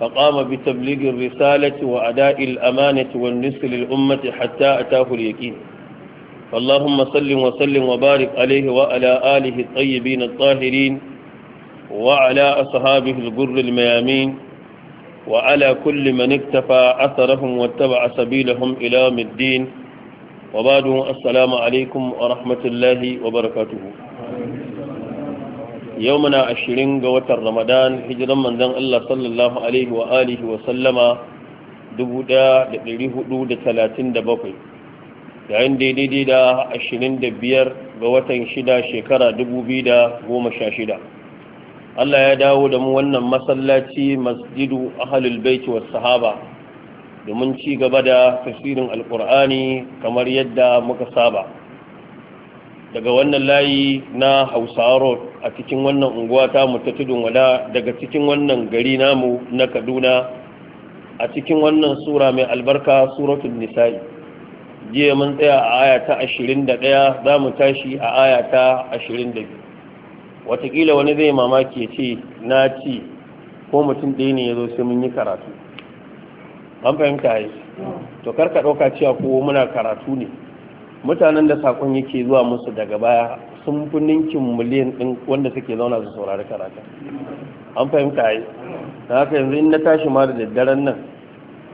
فقام بتبليغ الرسالة وأداء الأمانة والنصر للأمة حتى أتاه اليقين فاللهم صل وسلم وبارك عليه وعلى آله الطيبين الطاهرين وعلى أصحابه الجر الميامين وعلى كل من اكتفى أثرهم واتبع سبيلهم إلى الدين وبعد السلام عليكم ورحمة الله وبركاته yau muna ashirin ga watan ramadan hijiran manzon Allah sallallahu alaihi wa alihi wa sallama 1437 yayin daidai da ashirin da biyar ga watan shida shekara 2016 Allah ya dawo da mu wannan masallaci masjidu ahlul baiti wa sahaba domin ci gaba da tafsirin alkur'ani kamar yadda muka saba daga wannan layi na Hausawa road a cikin wannan unguwa ta ta tudun wada daga cikin wannan gari namu na kaduna a cikin wannan sura mai albarka suratul nisa'i jiya mun tsaya a aya ta 21 za mu tashi a aya ta 22 watakila wani zai mamaki ya ce na ci ko mutum ɗaya ne ya zo sai mun yi karatu an fahimta yi mm. to karka ɗauka cewa ko muna karatu ne mutanen da sakon yake zuwa musu daga baya sun fi ninkin miliyan ɗin wanda suke zauna su saurari karata an fahimta yi da haka yanzu in na tashi ma da daddaren nan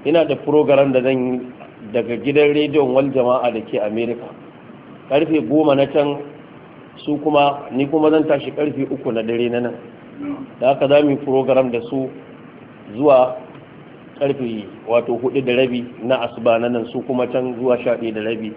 ina da program da zan yi daga gidan rediyon wal jama'a da ke america karfe goma na can su kuma ni kuma zan tashi karfe uku na dare na nan da haka za mu yi program da su zuwa karfe wato hudu da rabi na asuba na nan su kuma can zuwa sha da rabi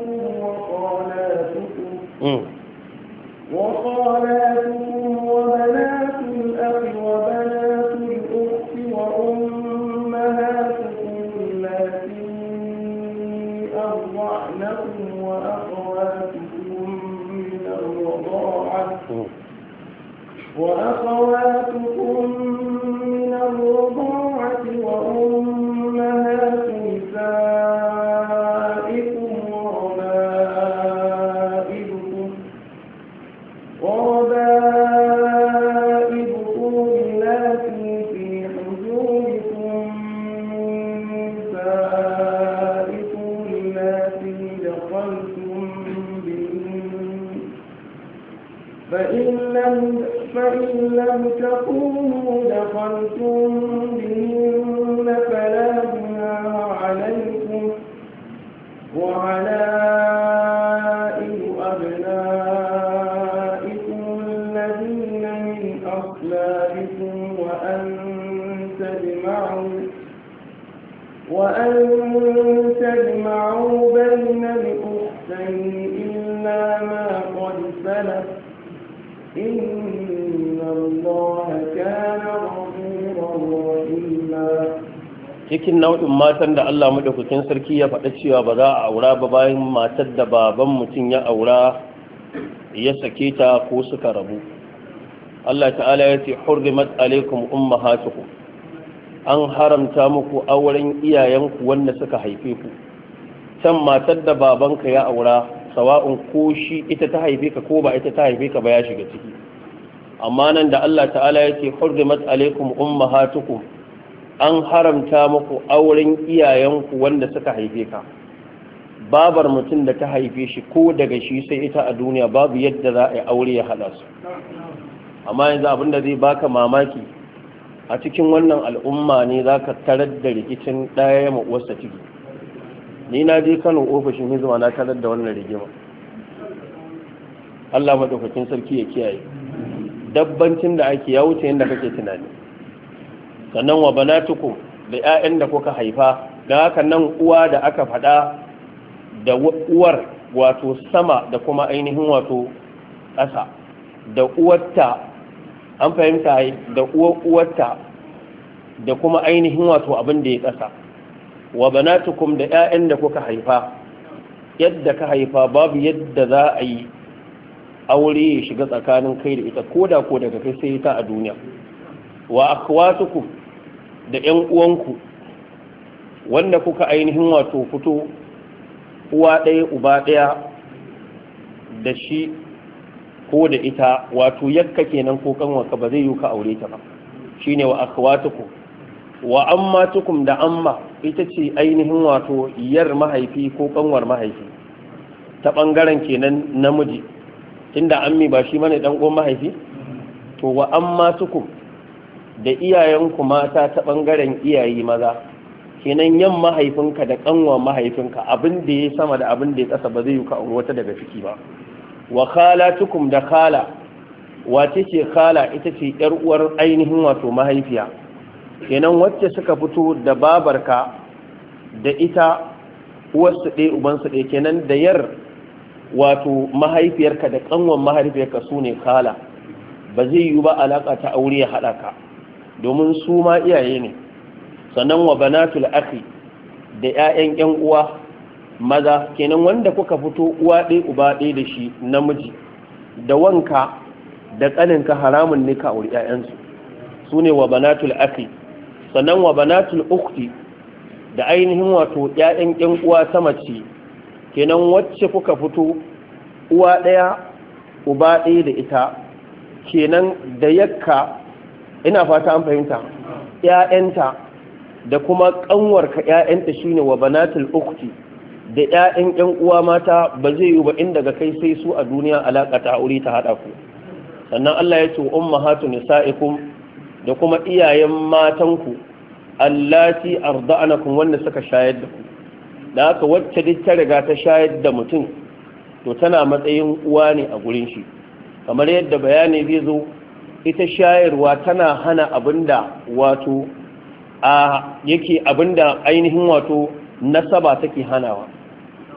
وخالاتكم وبنات الأخ وبنات الأخت وأمهاتكم التي أرضعنكم وأخواتكم من الرضاعة وأخواتكم من الرضاعة cikin nau'in matan da Allah madaukakin sarki ya faɗa cewa ba za a aura ba bayan matar da baban mutum ya aura ya sake ta ko suka rabu Allah ta'ala ya ce hurrimat alaikum ummahatukum an haramta muku auren iyayenku wanda suka haife ku can matar da babanka ya aura sawa'un ko shi ita ta haife ka ko ba ita ta haife ka ba ya shiga ciki amma nan da Allah ta'ala ya ce hurrimat alaikum ummahatukum an haramta muku auren iyayenku wanda suka haife ka babar mutum da ta haife shi ko daga shi sai ita a duniya babu yadda za a yi aure ya haɗa su amma yanzu abin da zai baka mamaki a cikin wannan al'umma ne za ka tarar da rikicin ɗaya ya maƙuwarsa ciki ni na je kano ofishin hizuma na tarar da wannan rigima allah maɗaukakin sarki ya kiyaye dabbancin da ake ya wuce yadda kake tunani sannan wa banatukum da 'ya'yan da kuka haifa da haka nan uwa da aka faɗa da uwar wato sama da kuma ainihin wato ƙasa da uwarta an fahimta da uwar uwarta da kuma ainihin wato abin da ya ƙasa wa banatukum da 'ya'yan da kuka haifa yadda ka haifa babu yadda za a yi aure ya shiga tsakanin kai da ita ko da ko daga kai sai ta a duniya wa akhwatukum da 'yan uwanku wanda kuka ainihin wato fito uwa ɗaya uba ɗaya da shi ko da ita wato yakka kenan ko kanwarka ba zai yi ka aure ta ba shi ne wa akhwatukum wa ammatukum da amma ita ce ainihin wato yar mahaifi ko kanwar mahaifi ta ɓangaren kenan namiji inda ammi ba shi mana dan mahaifi to wa ammatukum da iyayenku mata ta ɓangaren iyaye maza kenan yan mahaifinka da ƙanwa mahaifinka abin da ya sama da abin da ya ƙasa ba zai yi ka'un wata daga ciki ba wa kala tukum da kala, wace ce kala ita ce yar uwar ainihin wato mahaifiya kenan wacce suka fito da babarka da ita uwarsu ɗaya ubansu ɗaya kenan da yar wato mahaifiyarka da ƙanwan mahaifiyarka su ne kala ba zai yi ba alaƙa ta aure ya haɗa ka domin su ma iyaye ne sannan wa banatul akhi da 'ya'yan 'yan uwa maza kenan wanda kuka fito uwa ɗaya uba ɗaya da shi namiji da wanka da tsaninka haramun ne ka aure 'ya'yansu su ne wa banatul akhi sannan wa banatul ukhti da ainihin wato 'ya'yan 'yan uwa ta mace kenan wacce kuka fito uwa ɗaya uba ɗaya da ita kenan da yakka ina fata an fahimta ƴaƴanta da kuma ƙanwarka ƴaƴanta shine wa banatil ukhti da ƴaƴan 'yan uwa mata ba zai yi ba inda ga kai sai su a duniya alaƙa ta aure ta haɗa ku sannan Allah ya ce ummahatu nisaikum da kuma iyayen matanku allati arda'anakum wanda suka shayar da ku da haka wacce duk ta riga ta shayar da mutum to tana matsayin uwa ne a gurin shi kamar yadda bayani zai zo ita shayarwa tana hana abinda wato a yake abinda ainihin wato nasaba take hanawa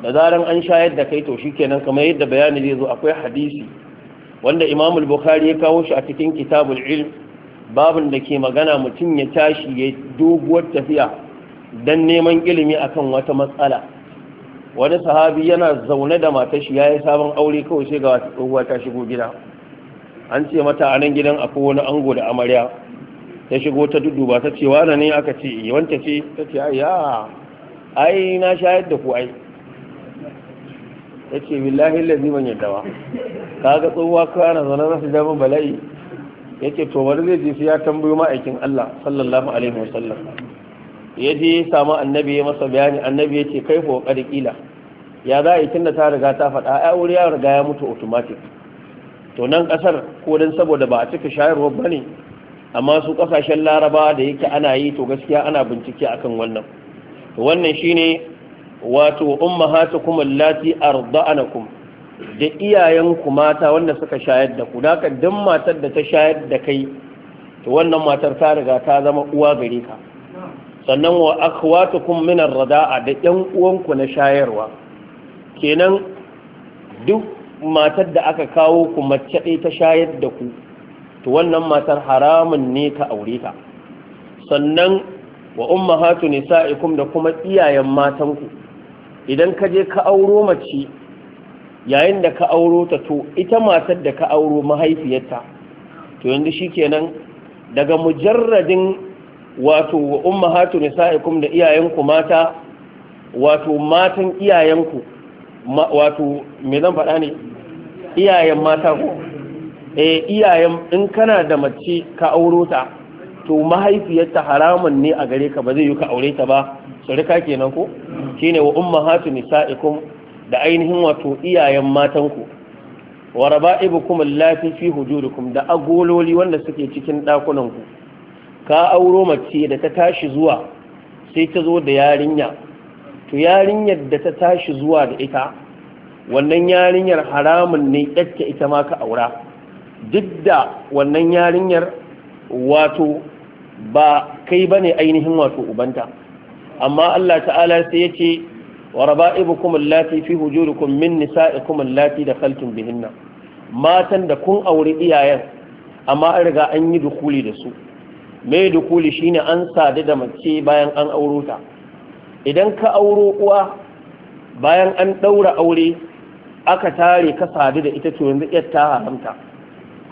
da zaran an shayar da kai to shikenan kamar yadda bayani zai zo akwai hadisi wanda Imam al-Bukhari ya kawo shi a cikin Kitabul Ilm babin da ke magana mutum ya tashi ya doguwar tafiya dan neman ilimi akan wata matsala wani sahabi yana zaune da matashi ya yi sabon aure kawai sai ga wata tsohuwa ta shigo gida an ce mata a nan gidan akwai wani ango da amarya ta shigo ta duduba ta ce wane ne aka ce eh, wanta ce ta ce ai ya ai na shayar da ku ai ta ce billahi lalzi ban yadda ba ka ga tsohuwa kana zanen rasu jami bala'i ya ce to wani zai je ya tambayo ma'aikin Allah sallallahu alaihi wasallam ya je ya samu annabi ya masa bayani annabi ya ce kai ko kila ya za a yi tunda ta riga ta faɗa ai wuri ya riga ya mutu automatic to nan kasar ko dan saboda ba a cika shayarwa ba ne amma su kasashen laraba da yake ana yi to gaskiya ana bincike akan wannan to wannan shine wato ummahatukum allati arda'anakum da iyayenku mata wanda suka shayar da ku haka duk matar da ta shayar da kai to wannan matar ta riga ta zama uwa gare ka sannan wa akhwatukum min ar-rada'a da yan uwanku na shayarwa kenan duk matar da aka kawo ku mace ɗaya ta shayar da ku to wannan matar haramun ne ka aure ta sannan wa ummahatu nisa'ikum da kuma iyayen matanku idan ka je ka auro mace yayin da ka auro ta to ita matar da ka auro mahaifiyarta to yanzu shikenan daga mujarradin wato wa ummahatu nisa'ikum da iyayenku mata wato matan iyayenku wato me zan faɗa ne iyayen mata ko eh iyayen in kana da mace ka auro ta to mahaifiyarta haramun ne a gare ka ba zai yi ka aure ta ba shirka kenan ko shine wa ummahatu nisaikum da ainihin wato iyayen matan ku wa raba'ibukum allati fi hujurikum da agololi wanda suke cikin dakunan ku ka auro mace da ta tashi zuwa sai ta zo da yarinya to yarinyar da ta tashi zuwa da ita wannan yarinyar haramun ne ƙyakke ita ma ka aura duk da wannan yarinyar wato ba kai ba ne ainihin wato ubanta amma Allah ta'ala sai ya ce wa raba'ibukum allati fi hujurikum min nisa'ikum allati dakhaltum bihinna matan da kun aure iyayen amma an riga an yi dukuli da su me dukuli shine an sadu da mace bayan an auro ta idan ka auro uwa bayan an daura aure aka tare ka sadu da ita to yanzu ta haramta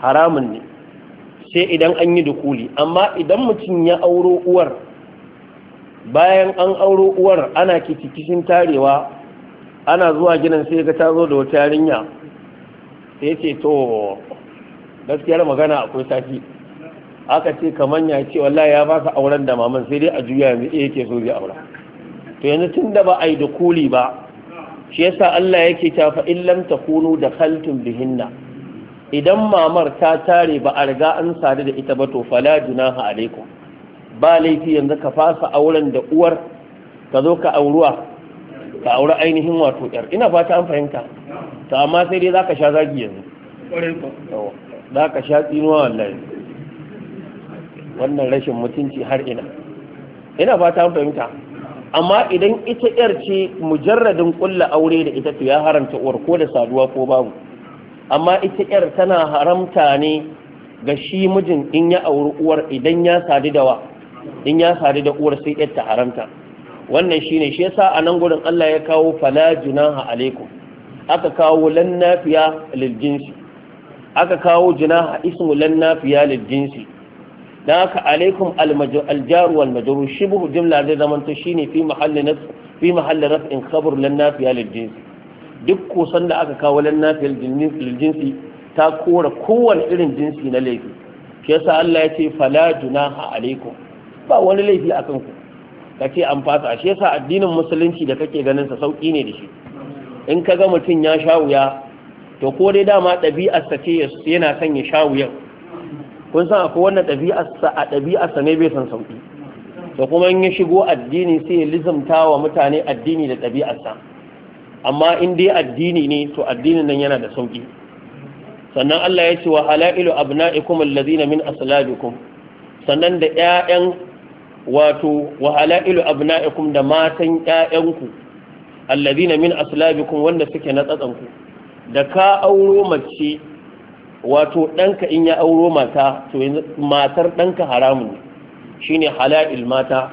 haramun ne sai idan an yi dukuli amma idan mutum ya auro uwar bayan an auro uwar ana kitikishin tarewa ana zuwa gidan sai ga ta zo da wata yarinya sai ce to gaskiyar magana akwai sati aka ce kamar ya ce wallahi ya ba auren da maman sai dai a juya yanzu eh, yake so zai aura to yanzu tun da ba a yi dukuli ba shi yasa Allah yake ta fa illam lam takunu dakhaltum bihinna idan mamar ta tare ba a riga an sadu da ita ba to fala junaha alaikum ba laifi yanzu ka fasa auren da uwar ka zo ka auruwa ka aure ainihin wato yar ina fata an fahimta to amma sai dai zaka sha zagi yanzu zaka sha tsinuwa wallahi wannan rashin mutunci har ina ina fata an fahimta amma idan ita yar ce mujarradin ƙulla aure da ita to ya haramta uwar ko da saduwa ko babu amma ita yar tana haramta ne ga shi mijin in ya auri uwar idan ya sadu da wa in ya sadu da uwar sai yar ta haramta wannan shine shi yasa a nan gurin Allah ya kawo fala junaha alaikum aka kawo lannafiya nafiya lil aka kawo junaha ismu lannafiya Da aka alaikum Aljaru wal shi shibhu jumla zai zaman to shine fi mahalli nas fi mahalli khabar lan nafiya duk kusan da aka kawo lan nafiya lil jinsi ta kora kowane irin jinsi na laifi shi yasa Allah ya ce fala junaha alaikum ba wani laifi kanku. ku kace an fasa shi yasa addinin musulunci da kake ganin sa sauki ne da shi in ka ga mutum ya sha wuya to ko dai dama ɗabi'arsa ce yana son ya sha wuyan kun san akwai wannan ɗabi'arsa a ɗabi'arsa ne bai san sauki da kuma in ya shigo addini sai ya lizamta wa mutane addini da ɗabi'arsa amma in dai addini ne to addinin nan yana da sauki sannan Allah ya ce wa halailu abna'ikum alladhina min aslabikum sannan da ƴaƴan wato wa halailu abna'ikum da matan ƴaƴanku alladhina min aslabikum wanda suke na tsatsanku da ka auro mace wato ɗanka in ya auro mata to matar ɗanka haramun shine hala'il mata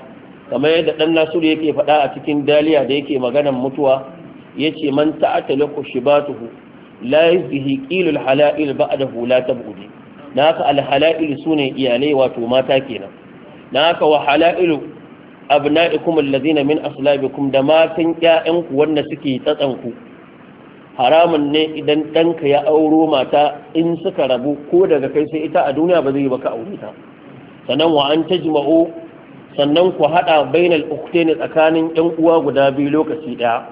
kamar yadda ɗan nasiru yake faɗa a cikin daliya da yake maganan mutuwa ya ce man ta'atala ku shibatuhu la yuzhi qilul hala'il ba'dahu la na haka alhala'il ne iyalai wato mata kenan na haka wa hala'il abna'ikum alladhina min aslabikum da matan ƴaƴanku wanda suke ku. haramun ne idan ɗanka ya auro mata in suka rabu ko daga kai sai ita a duniya ba zai baka aure ta sannan wa an tajma'u sannan ku haɗa bainal ukhtayn tsakanin ɗan uwa guda biyu lokaci ɗaya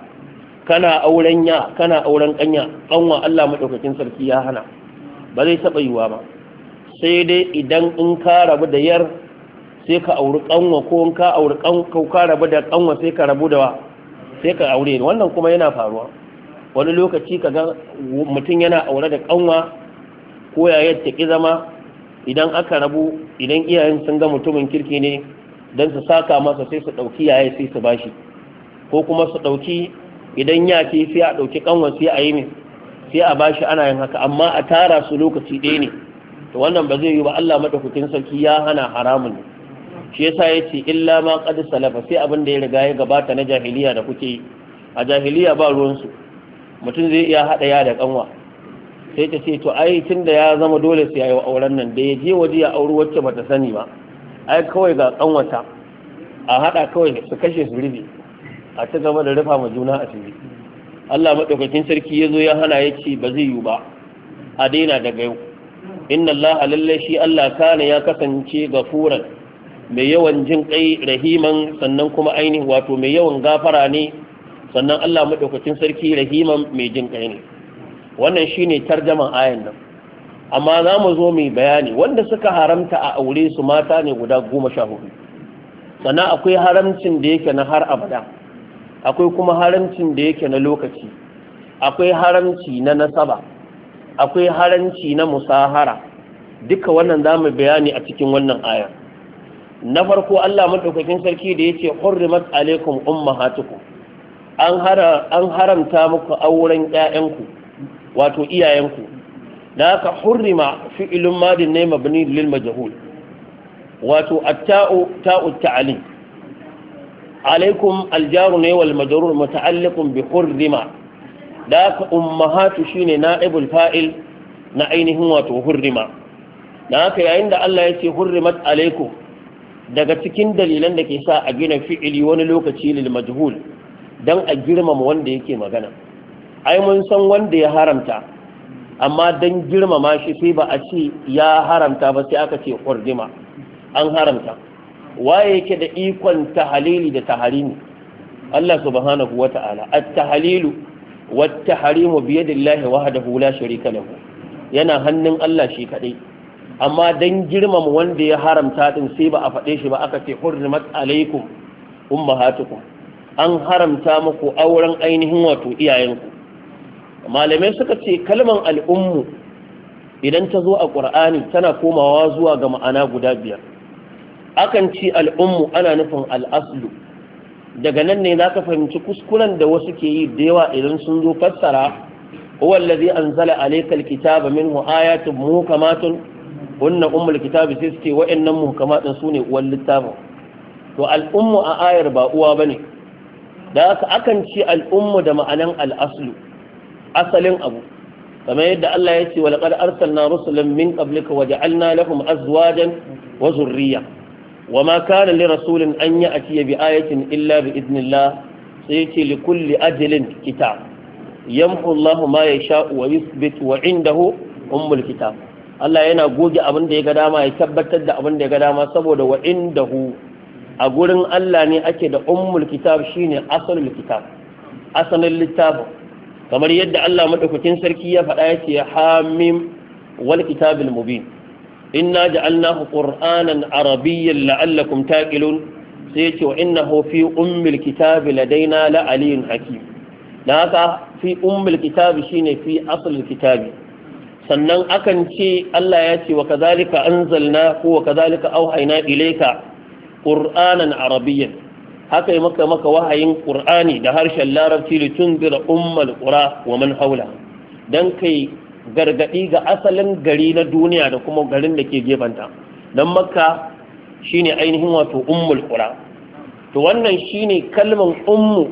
kana auren ya kana auren ƙanya ƙanwa Allah madaukakin sarki ya hana ba zai taɓa yiwa ba sai dai idan in ka rabu da yar sai ka auri ƙanwa ko in ka auri ƙanwa ka rabu da ƙanwa sai ka rabu da wa sai ka aure wannan kuma yana faruwa wani lokaci ka ga mutum yana aure da kanwa ko yayar ta ki zama idan aka rabu idan iyayen sun ga mutumin kirki ne don su saka masa sai su ɗauki yaya sai su bashi ko kuma su ɗauki idan ya ce sai a ɗauki kanwa sai a yi ne sai a bashi ana yin haka amma a tara su lokaci ɗaya ne to wannan ba zai yi ba Allah madaukakin sarki ya hana haramun ne shi yasa yace illa ma qad salafa sai abin da ya riga ya gabata na jahiliya da kuke a jahiliya ba ruwan su mutum zai iya haɗa ya da ƙanwa sai ta ce to ai tun da ya zama dole sai yayi auren nan da ya je waje ya auri wacce bata sani ba ai kawai ga ƙanwata a haɗa kawai su kashe su rufe a ta gaba da rufa ma juna a cikin Allah maɗaukakin sarki ya zo ya hana ya ce ba zai yiwu ba a daina daga yau inna Allah lallai shi Allah kana ya kasance gafuran mai yawan jin kai rahiman sannan kuma ainihi wato mai yawan gafara ne sannan Allah madaukakin sarki rahiman mai jin kai ne wannan shine tarjaman ayan nan amma za mu zo mu bayani wanda suka haramta a aure su mata ne guda goma sha hudu sannan akwai haramcin da yake na har abada akwai kuma haramcin da yake na lokaci akwai haramci na nasaba akwai haramci na musahara duka wannan za mu bayani a cikin wannan aya na farko Allah madaukakin sarki da yace hurrimat alaikum ummahatukum an haramta muku auren ƴaƴanku wato iyayenku da aka hurrima fi'ilun madin ne mabni lil majhul wato Atta'u tau ta'u alaikum aljaru ne wal majrur muta'alliqun bi hurrima da shi ummahatu shine na'ibul fa'il na ainihin wato hurrima da aka yayin da Allah ya ce hurrimat alaikum daga cikin dalilan da ke sa a gina fi'ili wani lokaci lil majhul don a girmama wanda yake magana ai mun san wanda ya haramta amma don girmama shi sai ba a ce ya haramta ba sai aka ce ƙwarjima an haramta waye yake da ikon tahalili da taharimi Allah subhanahu wa ta'ala at-tahalilu wat-taharimu bi yadillahi wahdahu la sharika lahu yana hannun Allah shi kadai amma dan girmama wanda ya haramta din sai ba a faɗe shi ba aka ce hurrimat alaikum ummahatukum an haramta muku auren ainihin wato iyayenku malamai suka ce kalmar al'ummu idan ta zo a ƙur'ani tana komawa zuwa ga ma'ana guda biyar akan ci al'ummu ana nufin al'aslu daga nan ne za ka fahimci kuskuren da wasu ke yi da yawa idan sun zo fassara wallazi anzala alayka alkitaba minhu ayatun muhkamatun hunna ummul kitabi sai suke wa'annan muhkamatun sune uwan littafin to al'ummu a ayar ba uwa bane da haka akan ce al'ummu da ma'anan al'aslu asalin abu kamar yadda Allah ya ce walaqad arsalna rusulan min qablika wa ja'alna lahum azwajan wa zurriya wama kana li rasulin an ya'ti bi ayatin illa bi idnillah sai yace li kulli ajalin kitab yamhu Allahu ma yasha wa yuthbit wa indahu ummul kitab Allah yana goge abin da ya ga dama ya tabbatar da abin da ya ga dama saboda wa indahu a gurin Allah ne ake da ummul kitab shine asalul kitab asalin littafin kamar yadda Allah madaukakin sarki ya faɗa yace hamim wal kitabil mubin inna ja'alnahu qur'anan arabiyyan la'allakum taqilun sai yace wa innahu fi ummil kitabi ladaina la hakim dan haka fi ummul shine fi asalul kitabi sannan akan ce Allah ya ce wa kazalika anzalna ko wa kazalika auhayna ilayka qur'anan arabiyyan haka yi maka maka wahayin qur'ani da harshen larabci da tunzira ummal qura wa man haula dan kai gargadi ga asalin gari na duniya da kuma garin da ke gefanta dan maka shine ainihin wato ummul qura to wannan shine kalman ummu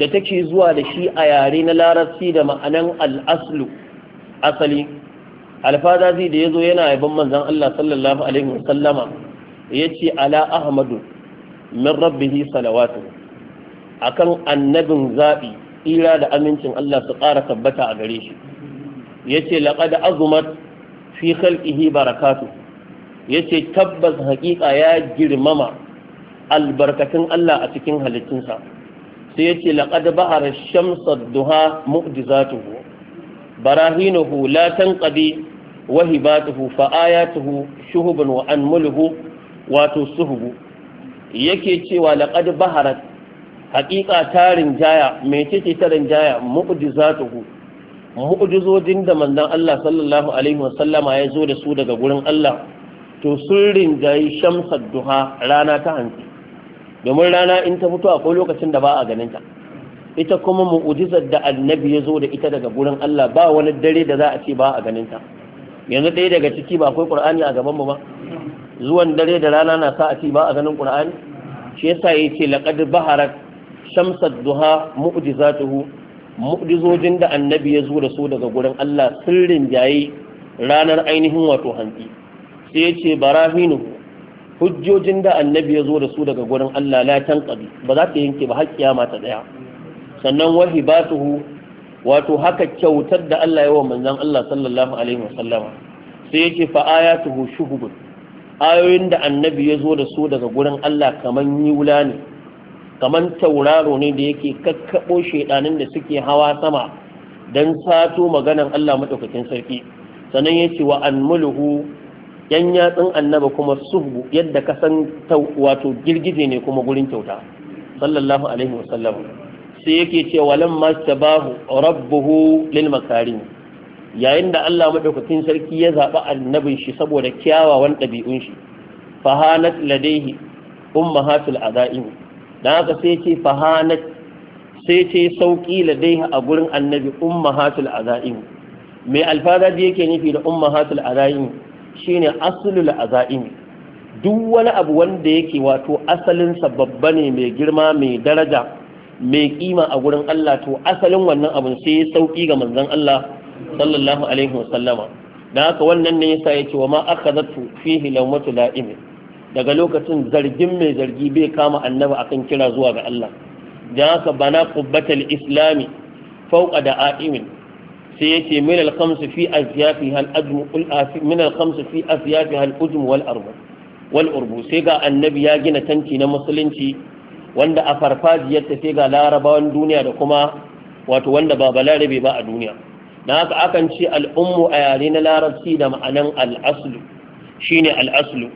da take zuwa da shi a yare na larabci da ma'anan al asali alfada da ya zo yana yaban manzan Allah sallallahu alaihi wasallama yace ala ahmadu min rabbihi salawatu akan annabin zaɓi, ira da amincin Allah su ƙara tabbata a gare shi yace Lakada azumar fi khalqihi barakatu yace tabbas haƙiƙa ya girmama albarkatun Allah a cikin halittunsa sai yace laqad ba'ara shamsa duha mu'jizatuhu barahinuhu la tanqadi wahibatuhu fa ayatuhu shuhuban wa anmuluhu wato suhubu yake cewa laqad baharat haƙiƙa tarin jaya mai cece tarin jaya mu'jizatuhu mu'jizojin da manzon Allah sallallahu alaihi wasallama ya zo da su daga gurin Allah to sun rinjayi shamsar duha rana ta hanci domin rana in ta fito akwai lokacin da ba a ganin ta ita kuma mu'jizar da annabi ya zo da ita daga gurin Allah ba wani dare da za a ce ba a ganin ta yanzu ɗaya daga ciki ba akwai qur'ani a gaban mu ba zuwan dare da rana na sa a ci ba a ganin ƙura'ani? shi yasa ce laqad baharat shamsad duha mu'jizatuhu mu'jizojin da annabi ya zo da su daga gurin Allah sirrin jayi ranar ainihin wato hanti sai ce barahinu hujjojin da annabi ya zo da su daga gurin Allah la tanqabi ba za ta yanke ba har kiyama ta daya sannan wahibatuhu wato haka kyautar da Allah ya wa manzon Allah sallallahu alaihi wasallama sai yace fa ayatuhu shuhubun ayoyin da annabi ya zo da su daga gurin Allah kaman yula ne kaman tauraro ne da yake kakkaɓo shaidanin da suke hawa sama don sato maganan Allah maɗaukakin sarki sannan ya ce wa an mulhu yan yatsun annaba kuma suhu yadda ka san wato girgije ne kuma gurin kyauta sallallahu alaihi wasallam sai yake ce lamma tabahu rabbuhu lil makarim yayin da Allah madaukakin sarki ya zaɓi annabin shi saboda kyawawan ɗabi'un shi fahanat ladaihi ummahatul azaim dan haka sai ce fahanat sai ce sauki ladaihi a gurin annabi ummahatul azaim mai alfaza da yake nufi da ummahatul azaim shine aslul azaim duk wani abu wanda yake wato asalinsa babba ne mai girma mai daraja mai kima a gurin Allah to asalin wannan abun sai sauki ga manzon Allah sallallahu alaihi wasallama da haka wannan ne yasa yace wa ma akhadhatu fihi lawmatu la'im daga lokacin zargin mai zargi bai kama annabi akan kira zuwa ga Allah dan haka bana batal islami fawqa da'imin sai yace min al-khams fi azyafi hal ajmu min al-khams fi azyafi hal ujmu wal arba wal urbu sai ga annabi ya gina tanti na musulunci wanda a farfajiyar ta sai ga larabawan duniya da kuma wato wanda ba balarabe ba a duniya na haka akan ce al'ummu a yare na larabci da ma'anan al'aslu shine al'aslu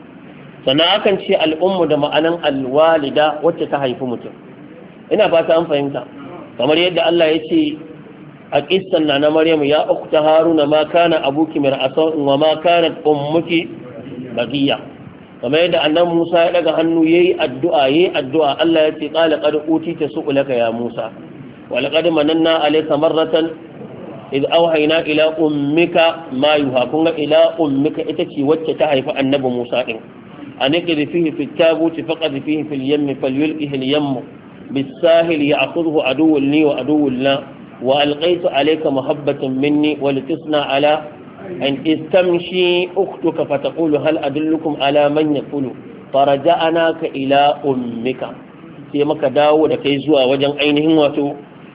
sannan akan ce al'ummu da ma'anan alwalida wacce ta haifi mutum ina fata an fahimta kamar yadda Allah ya ce a kissan na na Maryamu ya ta Haruna ma kana abuki mir'asan wa ma kanat ummuki bagiya kamar yadda annan Musa ya daga hannu yayi addu'a yayi addu'a Allah ya ce qala qad utita su'ulaka ya Musa wa laqad mananna alayka marratan إذ أوحينا إلى أمك ما يوحى كنا إلى أمك إتتي وتتهي فأنب موسى أن اقذ فيه في التابوت فقد فيه في اليم فليلقه اليم بالساهل يأخذه عدو لي وعدو لا وألقيت عليك محبة مني ولتصنع على أن استمشي أختك فتقول هل أدلكم على من يقول فرجعناك إلى أمك كداو لكي كيزوا وجن أينهم وتو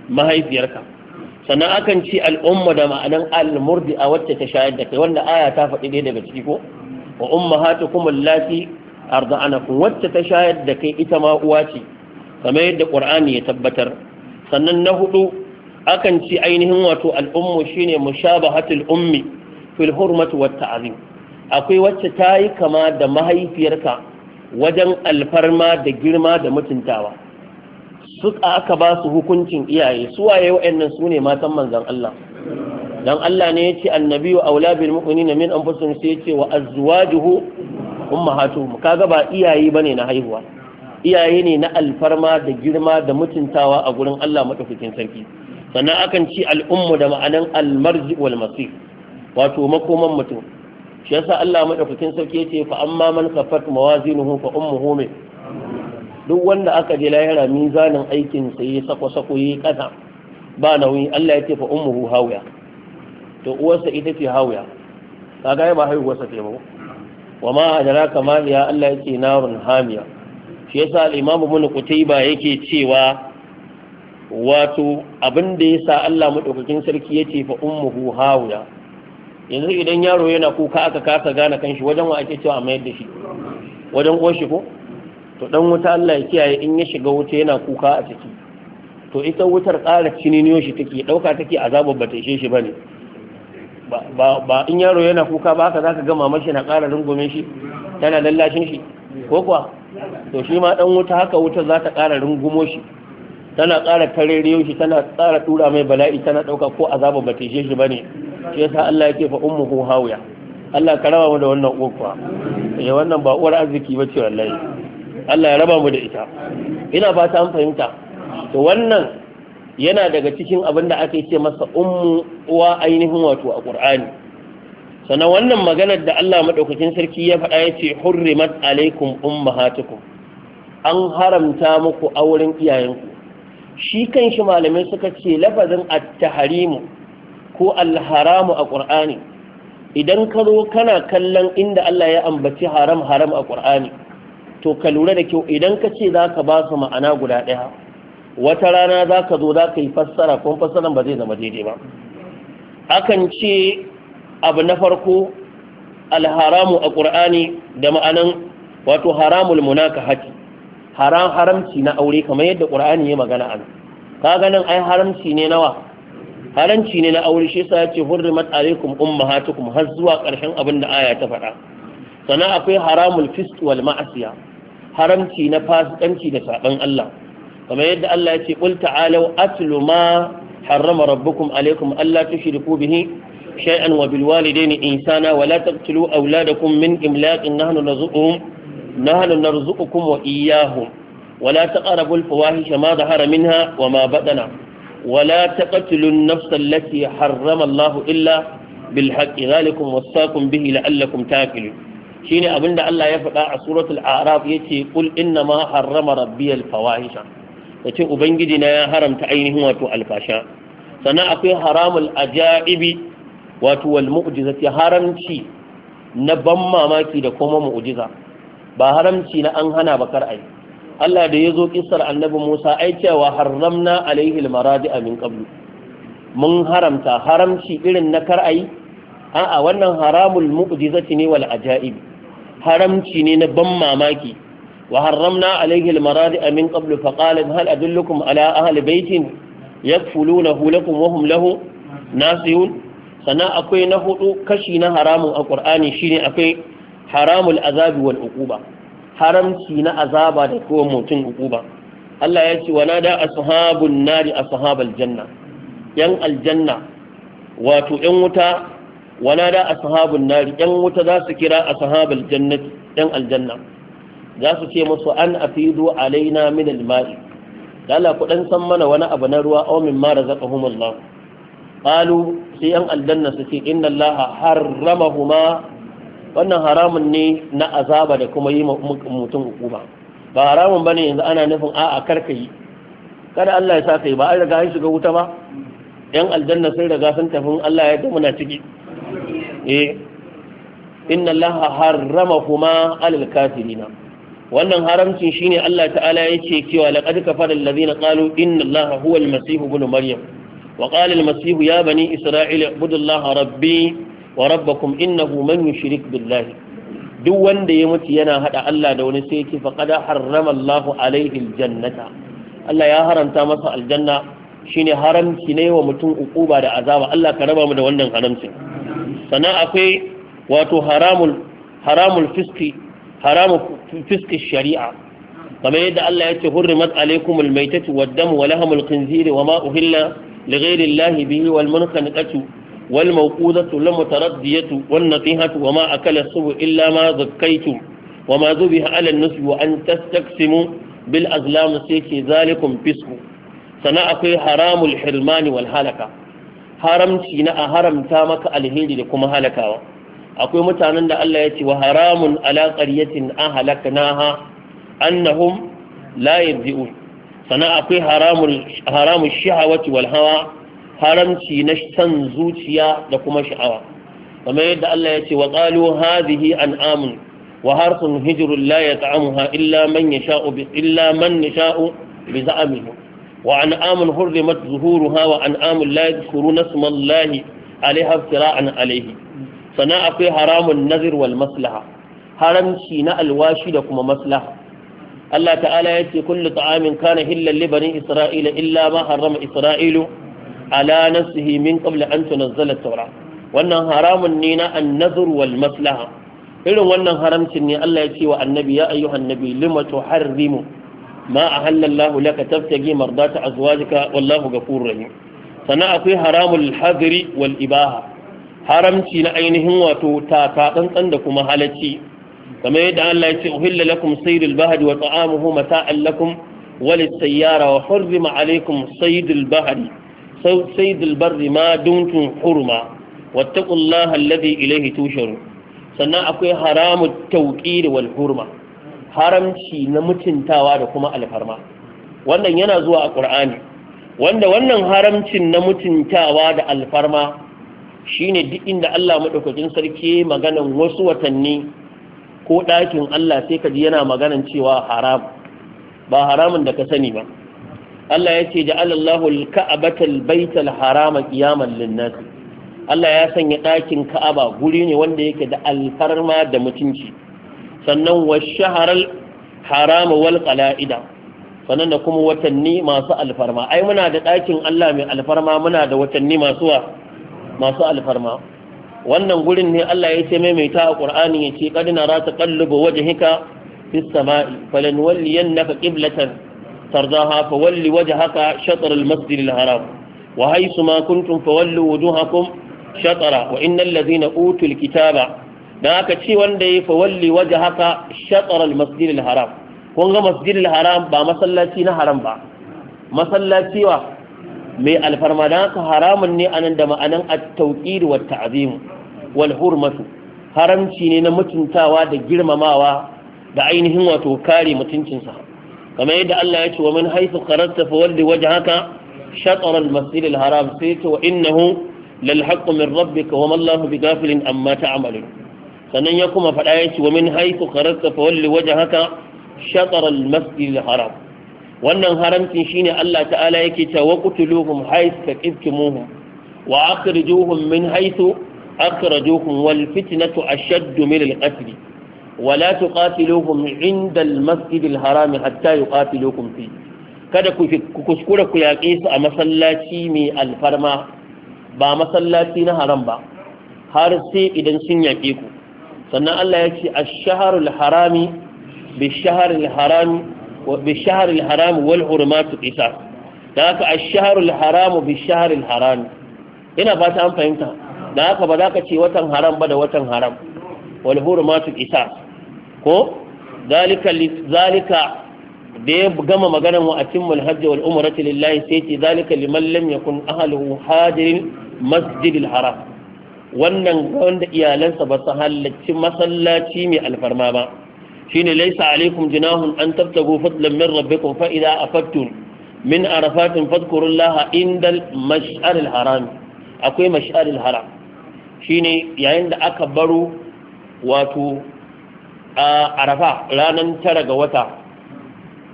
ما هي فيركم sannan akan ci al'umma da ma'anan al-murdi a wacce ta shayar da kai wanda aya ta faɗi ɗaya daga ciki ko wa ummahatukum allati arda'anakum wacce ta shayar da kai ita ma uwa ce kamar yadda ƙur'ani ya tabbatar sannan na hudu akan ci ainihin wato al'ummu shine mushabahatul ummi fil hurmati wat ta'zim akwai wacce ta yi kama da mahaifiyarka wajen alfarma da girma da mutuntawa su aka ba su hukuncin iyaye su waye wa'annan su ne matan manzon Allah dan Allah ne yace annabi wa aula bil mu'minina min anfusihim sai yace wa azwajuhu ummahatuhum kaga ba iyaye bane na haihuwa iyaye ne na alfarma da girma da mutuntawa a gurin Allah madaukakin sarki sannan akan ci al'ummu da ma'anan almarji wal masir wato makoman mutum shi yasa Allah madaukakin sarki yace fa amma man kafat mawazinuhu fa ummuhu duk wanda aka je rami mizanin aikin sa yi sako sako yi kasa ba nauyi Allah ya ce fa ummuhu hawiya to uwarsa ita ce hawiya kaga ba haihuwarsa ce ba wa ma adraka ma ya Allah ya ce narun hamiya shi yasa al-imam ibn qutayba yake cewa wato abin da ya sa Allah maɗaukakin sarki ya ce fa ummuhu hawuya yanzu idan yaro yana kuka aka kasa gane kanshi wajen wa ake cewa mayar da shi wajen uwar shi ko to dan wuta Allah ya kiyaye in ya shiga wuta yana kuka a ciki to ita wutar ƙara cininiyo shi take ɗauka take azabar ba ta ishe shi bane ba in yaro yana kuka ba haka zaka ga mamashi na ƙara rungume shi tana lallashin shi ko kuwa to shi ma dan wuta haka wuta za ta ƙara rungumo shi tana ƙara tarere shi tana ƙara tura mai bala'i tana ɗauka ko azabar ba ta shi bane shi yasa Allah yake fa ummuhu hawiya Allah ka rawa mu da wannan uwa ya eh, wannan ba uwar arziki ba ce wallahi Allah ya raba mu da ita ina ba ta fahimta to wannan yana daga cikin abin da aka ce masa ummu uwa ainihin wato a Qur'ani sannan wannan maganar da Allah madaukakin sarki ya faɗa ya ce hurrimat alaikum ummahatukum an haramta muku auren iyayenku shi kan shi malamai suka ce lafazin at-tahrimu ko al-haramu a Qur'ani idan ka zo kana kallon inda Allah ya ambaci haram haram a Qur'ani to ka lura da kyau idan ka ce za ka ba su ma'ana guda ɗaya wata rana za ka zo za ka yi fassara kuma fassaran ba zai zama daidai ba akan ce abu na farko alharamu a ƙur'ani da ma'anan wato haramul munaka haki haram haramci na aure kamar yadda ƙur'ani ya magana an ka ganin ai haramci ne nawa haramci ne na aure shi yasa ya ce hurrimat alaikum ummahatukum har zuwa ƙarshen abin da aya ta faɗa sannan akwai haramul fisq wal ma'asiya haramci na fasikanci da saban Allah kamar yadda Allah ya ce qul ta'alu atlu ma harrama rabbukum alaykum alla tushriku bihi shay'an wa bil walidayni ihsana wa la taqtulu awladakum min imlaqin nahnu narzuquhum nahnu narzuqukum wa iyyahum wa la taqrabu al fawahisha ma dhahara minha wa ma badana wa la taqtulu an nafsa allati harrama Allah illa bil haqqi dhalikum wasaqum bihi la'allakum taqilun shine abinda Allah ya faɗa a suratul a'raf yace qul inna ma harrama rabbiyal fawahisha ce ubangiji na ya haramta ainihin wato alfasha sannan akwai haramul ajaibi wato wal ce. haramci na ban mamaki da kuma mu'jiza ba haramci na an hana ba kar ai Allah da yazo kissar annabi Musa ai cewa harramna alaihi al maradi'a min qablu mun haramta haramci irin na kar ai a'a wannan haramul mu'jizati ne wal ajaibi haramci ne na ban mamaki wa haramna alaihi almaradi min qablu fa qala hal adullukum ala ahli baitin yakfulunahu lakum wa hum lahu nasiyun sana akwai na hudu kashi na haramun a ƙurani shine akwai haramul azabi wal uquba haramci na azaba da kowa mutum uquba Allah ya ce wa nada ashabun nari ashabal janna yan aljanna wato yan wuta wanada ashabun nar yan wuta za su kira ashabul jannati yan aljanna za su ce musu an afidu alaina min alma'i dala ku dan san mana wani abu na ruwa aw min ma razaqahumullah qalu sai yan aljanna su ce inna allaha harramahuma wannan haramun ne na azaba da kuma yi mutum hukuma ba haramun bane yanzu ana nufin a'a karka yi kada Allah ya sa kai ba an riga an shiga wuta ba yan aljanna sun riga sun tafi Allah ya ga muna ciki eh Allah harrama kuma alal kafirina wannan haramcin shine Allah ta'ala yace cewa laqad kafara alladhina qalu inna Allah huwa almasih ibn maryam wa qala ya bani isra'ila ibudu Allah rabbi wa rabbakum innahu man yushrik billahi duk wanda ya mutu yana hada Allah da wani sai yake faqad harrama Alayhi alaihi aljannata Allah ya haramta masa aljanna shine haramci ne wa mutum ukuba da azaba Allah ka raba mu da wannan haramcin sannan akwai wato haramul fiski haramul fiski shari'a kamar yadda Allah ya ce hurrimat alaikumul maitatu waddam wa lahamul khinziri wa ma uhilla li ghairi Allah bihi wal munqanatu wal mawqudatu lam taraddiyatu wan natihatu wa ma akala subu illa ma zakkaytum wa ma zubiha ala an-nusbi wa an tastaqsimu bil azlam sai ke zalikum fisku sana akwai haramul hirmani wal halaka haramci na a haramta maka alheri da kuma halakawa akwai mutanen da Allah ya ce wa haramun ala qaryatin ahlaknaha annahum la yarji'un sana akwai haramul haramu shahawati wal hawa haramci na san zuciya da kuma sha'awa kamar yadda Allah ya ce wa qalu hadhihi an'amun wa harsun hijrun la yat'amuha illa man yasha'u illa man yasha'u bi za'amihi وأنعام حرمت ظهورها وأنعام لا يذكرون اسم الله عليها افتراء عليه سنا أقي حرام النذر والمصلحة حرم شينا الواشي لكم مصلحة الله تعالى يأتي كل طعام كان هلا لبني إسرائيل إلا ما حرم إسرائيل على نفسه من قبل أن تنزل التوراة وأنه حرام نينا النذر والمصلحة إذن وأنه حرم شيني الله يأتي والنبي يا أيها النبي لما تحرمه ma ahallallahu laka tabtagi mardata azwajika wallahu ghafurur rahim sannan akwai haramun hadri wal ibaha haramci na ainihin wato taka tsantsan da kuma halacci game da Allah ya ce uhilla lakum saydul bahri wa ta'amuhu mata'an lakum wa lis-sayyara wa hurrima alaykum saydul bahri saydul barri ma dumtum hurma wattaqullaha alladhi ilayhi tusharun sannan akwai haramun tawqir wal hurma haramci na mutuntawa da kuma alfarma wannan yana zuwa a ƙur'ani wanda wannan haramcin na mutuntawa da alfarma shine duk inda Allah maɗaukakin sarki maganan wasu watanni ko ɗakin Allah sai ka ji yana maganan cewa haram ba haramun da ka sani ba Allah ya ce ja'alallahu al-ka'abata al-baita harama qiyaman lin Allah ya sanya ɗakin Ka'aba guri ne wanda yake da alfarma da mutunci sannan wa shaharar harama wal qala'ida sannan da kuma watanni masu alfarma ai muna da ɗakin Allah mai alfarma muna da watanni masu alfarma wannan gurin ne Allah ya ce maimaita a Ƙur'ani ya ce qad nara taqallubu wajhika fis sama'i falan ka qiblatan tardaha fawalli walli waje haka masjid al haram wa haythu ma kuntum fawallu wujuhakum shatara wa innal ladhina utul kitaba dan aka ce wanda ya fa walli wajhaka shatr al-masjid al-haram kun ga masjid al-haram ba masallaci na haram ba masallaci wa mai alfarma dan haramun ne anan da ma'anan at-tawqir wa ta'zim wal hurmatu haramci ne na mutuntawa da girmamawa da ainihin wato kare mutuncinsa kamar yadda Allah ya ce wa min haythu kharajta fa walli wajhaka shatr al-masjid al-haram sai ce wa innahu lal haqq min rabbika wa ma Allahu bighafilin amma ta'malun sannan ya kuma faɗa ya ce wa min haitu kharasta fa walli wajhaka shatar al-masjid al-haram wannan haramcin shine Allah ta'ala yake cewa qutuluhum haythu taqibtumuhum wa akhrijuhum min haythu akhrajuhum wal fitnatu ashaddu min al-qatl wa la tuqatiluhum inda al-masjid al-haram hatta yuqatilukum fi kada ku kuskura ku yaƙe su a masallaci mai alfarma ba masallaci na haram ba har sai idan sun yaƙe ku sannan Allah ya ce a shahrul harami bish-shahril harami wa bish-shahril harami wal hurumatu qisas da haka a shahrul haramu bish-shahril harami ina ba ta an fahimta da haka ba za ka ce watan haram ba da watan haram wal hurumatu qisas ko zalika zalika da ya gama maganar wa atimul hajji wal umrati lillahi sai ce zalika liman lam yakun ahluhu hadirin masjidil haram wannan wanda iyalansa ba su halarci masallaci mai alfarma ba Shi ne laisa alaikum jinahun an tabtagu lammin min rabbikum fa'ida a fattun min arafatin laha inda mash'aril haram akwai mash'aril haram ne yayin da aka baro wato a arafa ranar tara ga wata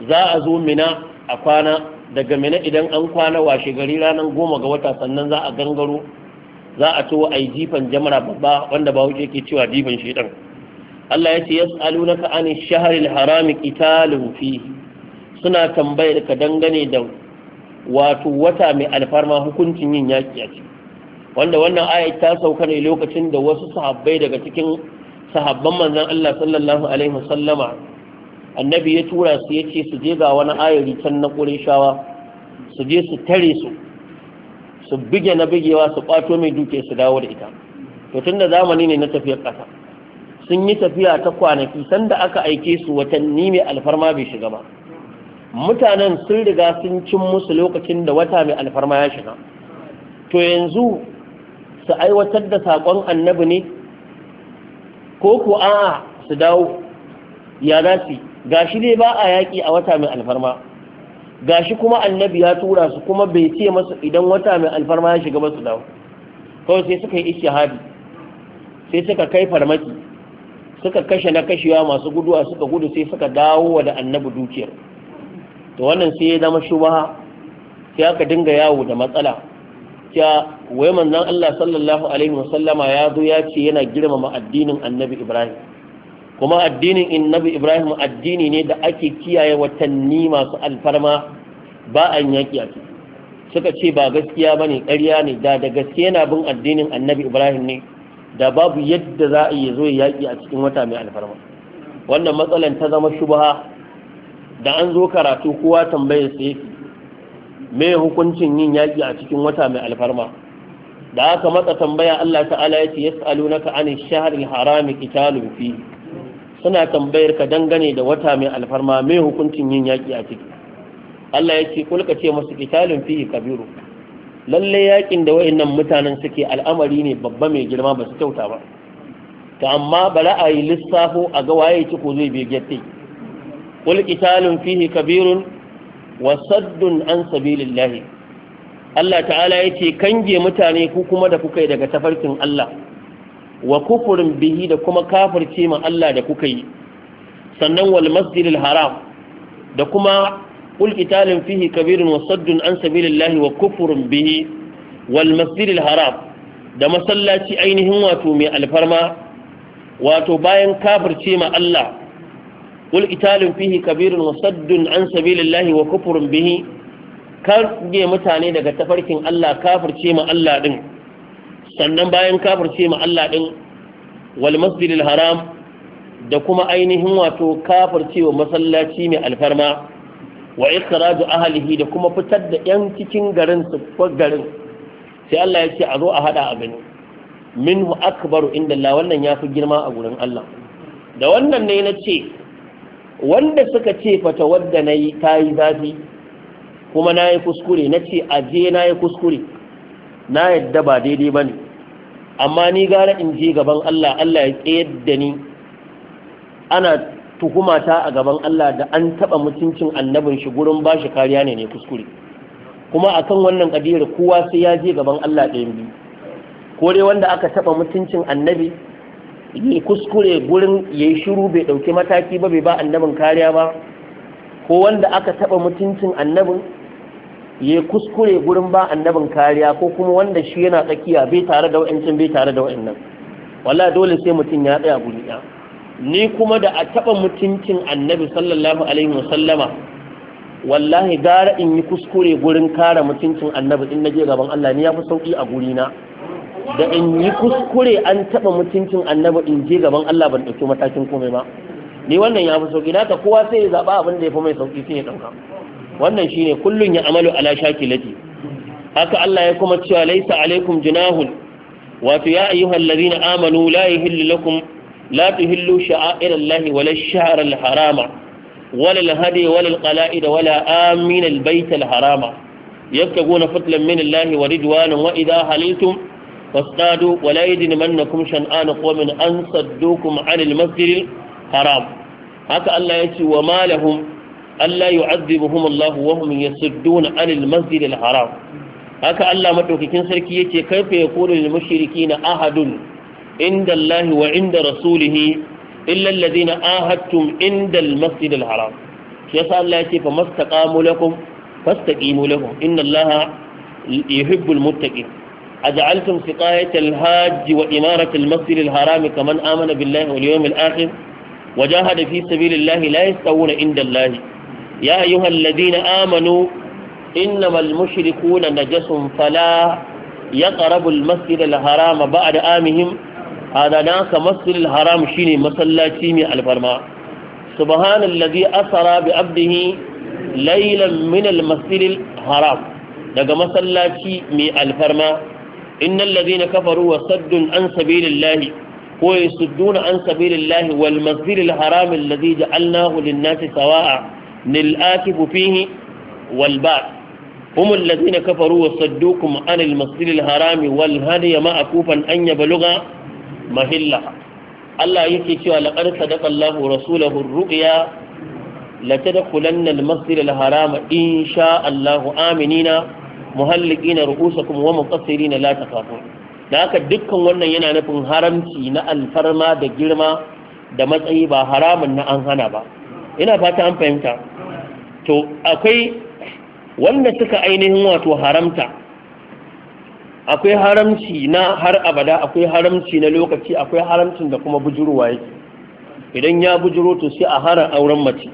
za a zo mina a kwana daga mina idan an kwana washe gari ranar goma ga wata sannan za a gangaro za a to a yi jifan jamara babba wanda ba wuce ke cewa jifan shaitan Allah ya ce yas'alunaka ani shahril harami qitalun fi suna tambayar ka dangane da wato wata mai alfarma hukuncin yin yaki a ciki wanda wannan ayat ta sauka ne lokacin da wasu sahabbai daga cikin sahabban manzon Allah sallallahu alaihi wasallama annabi ya tura su yace su je ga wani ayari can na Qurayshawa su je su tare su su bige na bigewa su kwato mai duke su dawo da ita to da zamani ne na tafiyar ƙasa sun yi tafiya ta kwanaki sanda aka aike su watanni mai alfarma bai shiga ba mutanen sun riga sun cin musu lokacin da wata mai alfarma ya shiga to yanzu su aiwatar da saƙon annabi ne ko ku a su dawo ya za su gashi ne ba a yaƙi a wata mai alfarma Ga shi kuma annabi ya tura su kuma bai ce masu idan wata mai alfarma ya shiga ba dawo kawai sai suka yi ishihadi sai suka kai farmaki suka kashe na kashewa masu guduwa suka gudu sai suka dawo wa da annabi dukiyar to wannan sai ya zama shubaha sai aka dinga yawo da matsala cewa wai manzon Allah sallallahu alaihi wasallama ya zo ya ce yana girmama addinin annabi Ibrahim kuma addinin innabi ibrahim addini ne da ake kiyaye watanni masu alfarma ba a yaki a ciki suka ce ba gaskiya ba ne ƙarya ne da da gaske yana bin addinin annabi ibrahim ne da babu yadda za a yi zo yaki a cikin wata mai alfarma wannan matsalan ta zama shubha da an zo karatu kowa tambaye sai me hukuncin yin yaki a cikin wata mai alfarma da aka matsa tambaya Allah ta'ala ya ce yas'alunaka anil shahril harami qitalun fihi suna tambayar ka dangane da wata mai alfarma mai hukuncin yin yaƙi a ciki Allah ya ce kulka ce masu kitalin fihi kabiru Lallai yaƙin da wayannan mutanen suke al'amari ne babba mai girma ba su kyauta ba ta amma bala a yi lissafo a ga waye ci ko zai begette kul qitalun fihi kabirun wa saddun an sabilillahi Allah ta'ala ya yace kange mutane ku kuma da kuka yi daga tafarkin Allah wa kufurin bihi da kuma kafirce ma Allah da kuka yi sannan wal masjidil haram da kuma kul qitalin fihi kabirun wa saddun an sabilillahi wa kufurun bihi wal masjidil haram da masallaci ainihin wato mai alfarma wato bayan kafirce ma Allah kul qitalin fihi kabirun wa saddun an sabilillahi wa kufurun bihi Kar kan mutane daga tafarkin Allah kafirce ma Allah din sannan bayan kafirce ma Allah din wal haram da kuma ainihin wato kafirce wa masallaci mai alfarma wa ikraju ahlihi da kuma fitar da yan cikin garin su garin sai Allah ya ce a zo a hada a gani minhu akbaru inda Allah wannan yafi girma a gurin Allah da wannan ne na ce wanda suka ce fata wadda na yi zafi kuma na yi kuskure na ce aje na yi kuskure na yadda ba daidai ba ne amma ni gara in je gaban Allah Allah ya tsayar da ni ana tuhumata a gaban Allah da an taɓa mutuncin annabin shi gurin ba shi kariya ne ne kuskure kuma akan wannan kadira kowa sai ya je gaban Allah ɗayan biyu ko dai wanda aka taɓa mutuncin annabi ya kuskure gurin ya yi shiru bai ɗauki mataki ba bai ba annabin kariya ba ko wanda aka taɓa mutuncin annabin ya kuskure gurin ba annabin kariya ko kuma wanda shi yana tsakiya bai tare da wa'ancin bai tare da wa'annan wala dole sai mutum ya tsaya guri ɗaya ni kuma da a taɓa mutuncin annabi sallallahu alaihi wasallama wallahi gara in yi kuskure gurin kare mutuncin annabi in na je gaban Allah ni ya fi sauƙi a gurina da in yi kuskure an taɓa mutuncin annabi in je gaban Allah ban ɗauki matakin komai ba ni wannan ya fi sauƙi na ta kowa sai ya zaɓa abin da ya fi mai sauƙi sai ya ɗauka wannan shine kullun ya amalu ala shakilati haka Allah ya kuma cewa laisa alaikum junahun wato ya ayyuhal ladina amanu la yuhillu lakum la tuhillu sha'air wala ash-shahr harama wala al-hadi wala al-qala'id wala amin al-bayt al-harama yabtaguna fatlan min Allah wa ridwanan wa idha halaltum fasqadu wala yajrimannakum shan'an qawmin an saddukum 'anil masjidil haram haka Allah ya ce wa malahum Allah yu'azzibuhum Allah wa hum yasudduna 'anil masjidil haram haka Allah madaukakin sarki ya kaifa da lil na ahadun inda Allah wa inda rasulih illa na ahadtum inda al masjidil haram shi yasa Allah ce fa mastaqamu lakum fastaqimu lahum inda Allah yuhibbul muttaqin أجعلتم سقاية الهاج وإمارة المسجد الحرام كمن آمن بالله واليوم الآخر وجاهد في سبيل الله لا يستوون inda Allah. ya ayyuhal ladina amanu innamal mushrikuna najasun fala yaqrabu al-masjid al-harama ba'da amihim hada naka masjid al-haram shine masallaci mai alfarma subhanallazi asara bi abdihi laylan min al haram daga masallaci mai alfarma innal ladina kafaru wa an sabilillahi ويصدون عن سبيل الله والمسجد الحرام الذي جعلناه للناس سواء للآكف فيه والباس هم الذين كفروا وصدوكم عن المسجد الحرام والهدي معكوفا أن يبلغ مهلها الله يكي شوى لقد صدق الله رسوله الرؤيا لتدخلن المسجد الحرام إن شاء الله آمنين muhallikina ru'usakum wa muqassirina la takafun da haka dukkan wannan yana nufin haramci na alfarma da girma da matsayi ba haramun na an hana ba ina fata an fahimta to akwai wanda suka ainihin wato haramta akwai haramci na har abada akwai haramci na lokaci akwai haramcin da kuma bujurwa yake idan ya bujuro to sai a hara auren mace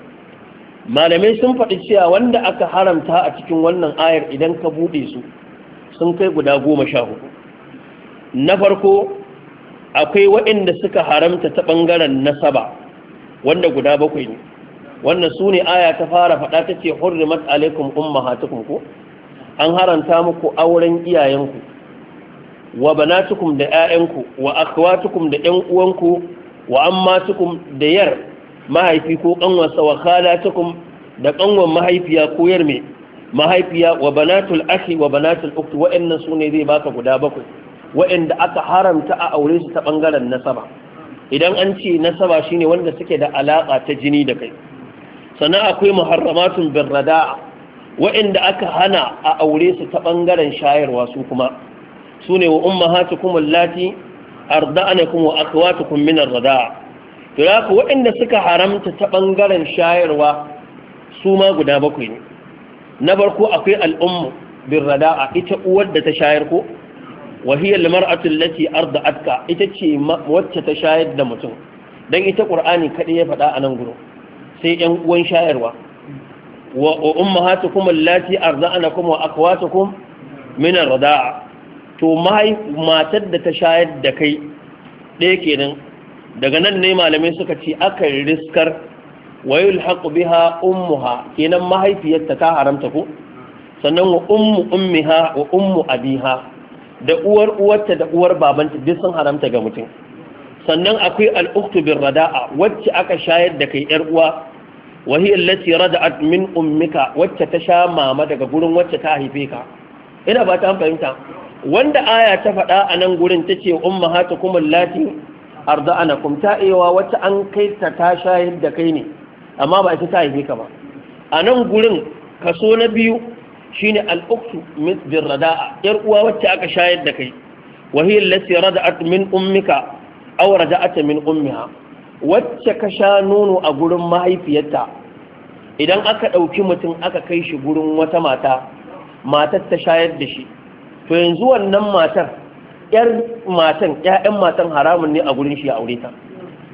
malamai sun faɗi cewa wanda aka haramta a cikin wannan ayar idan ka buɗe su sun kai guda goma sha hudu na farko akwai waɗanda suka haramta ta ɓangaren nasaba wanda guda bakwai ne wannan su ne aya ta fara faɗa ta ce hurrimat alaikum ummahatukum ko an haranta muku auren iyayenku wa banatukum da ƴaƴanku wa akhwatukum da ƴan uwanku wa ammatukum da yar mahaifi ko kanwarsa wa khalatukum da kanwar mahaifiya ko yar mai mahaifiya wa banatul akhi wa banatul ukti wa'annan su ne zai baka guda bakwai wa'anda aka haramta a aure su ta ɓangaren nasaba idan an ce nasaba shine wanda suke da alaƙa ta jini da kai sannan akwai muharramatun birrada wa'inda aka hana a aure su ta bangaren shayarwa su kuma sune wa ummahatukum allati arda'anakum wa akhawatukum min ar-rada'a to haka wa'inda suka haramta ta bangaren shayarwa su ma guda bakwai ne na barko akwai al'ummu birrada'a ita uwar da ta shayar ko wahiyar mar'atu allati arda'atka ita ce wacce ta shayar da mutum dan ita ƙur'ani kaɗai ya faɗa a nan gurin sai ‘yan uwan shayarwa wa ummahatukum allati arda'anakum wa akwatukum min ar-rida'a to matar da ta shayar da kai ɗaya kenan daga nan ne malamai suka ce aka riskar wa yulhaqu biha ummuha kenan mahaifiyarta ta haramta ko sannan wa ummu ummiha wa ummu abiha da uwar uwarta da uwar babanta duk sun haramta ga mutum sannan akwai al'uktu bin rada'a wacce aka shayar da kai yar uwa wa hiya allati rada'at min ummika wacce ta sha mama daga gurin wacce ta haife ka ina ba ta fahimta wanda aya ta faɗa a nan gurin ta ce tace ummahatukum allati arda'anakum ta ewa wacce an kai ta ta shayar da kai ne amma ba ita ta haife ka ba a nan gurin kaso na biyu shine al'uktu bin rada'a yar uwa wacce aka shayar da kai wa hiya allati rada'at min ummika da raja'ata min ummiya wacce ka sha nono a gurin mahaifiyarta idan aka ɗauki mutum aka kai shi gurin wata mata matar ta shayar da shi to yanzu wannan matar ƴar matan ƴaƴan matan haramun ne a gurin shi a aure ta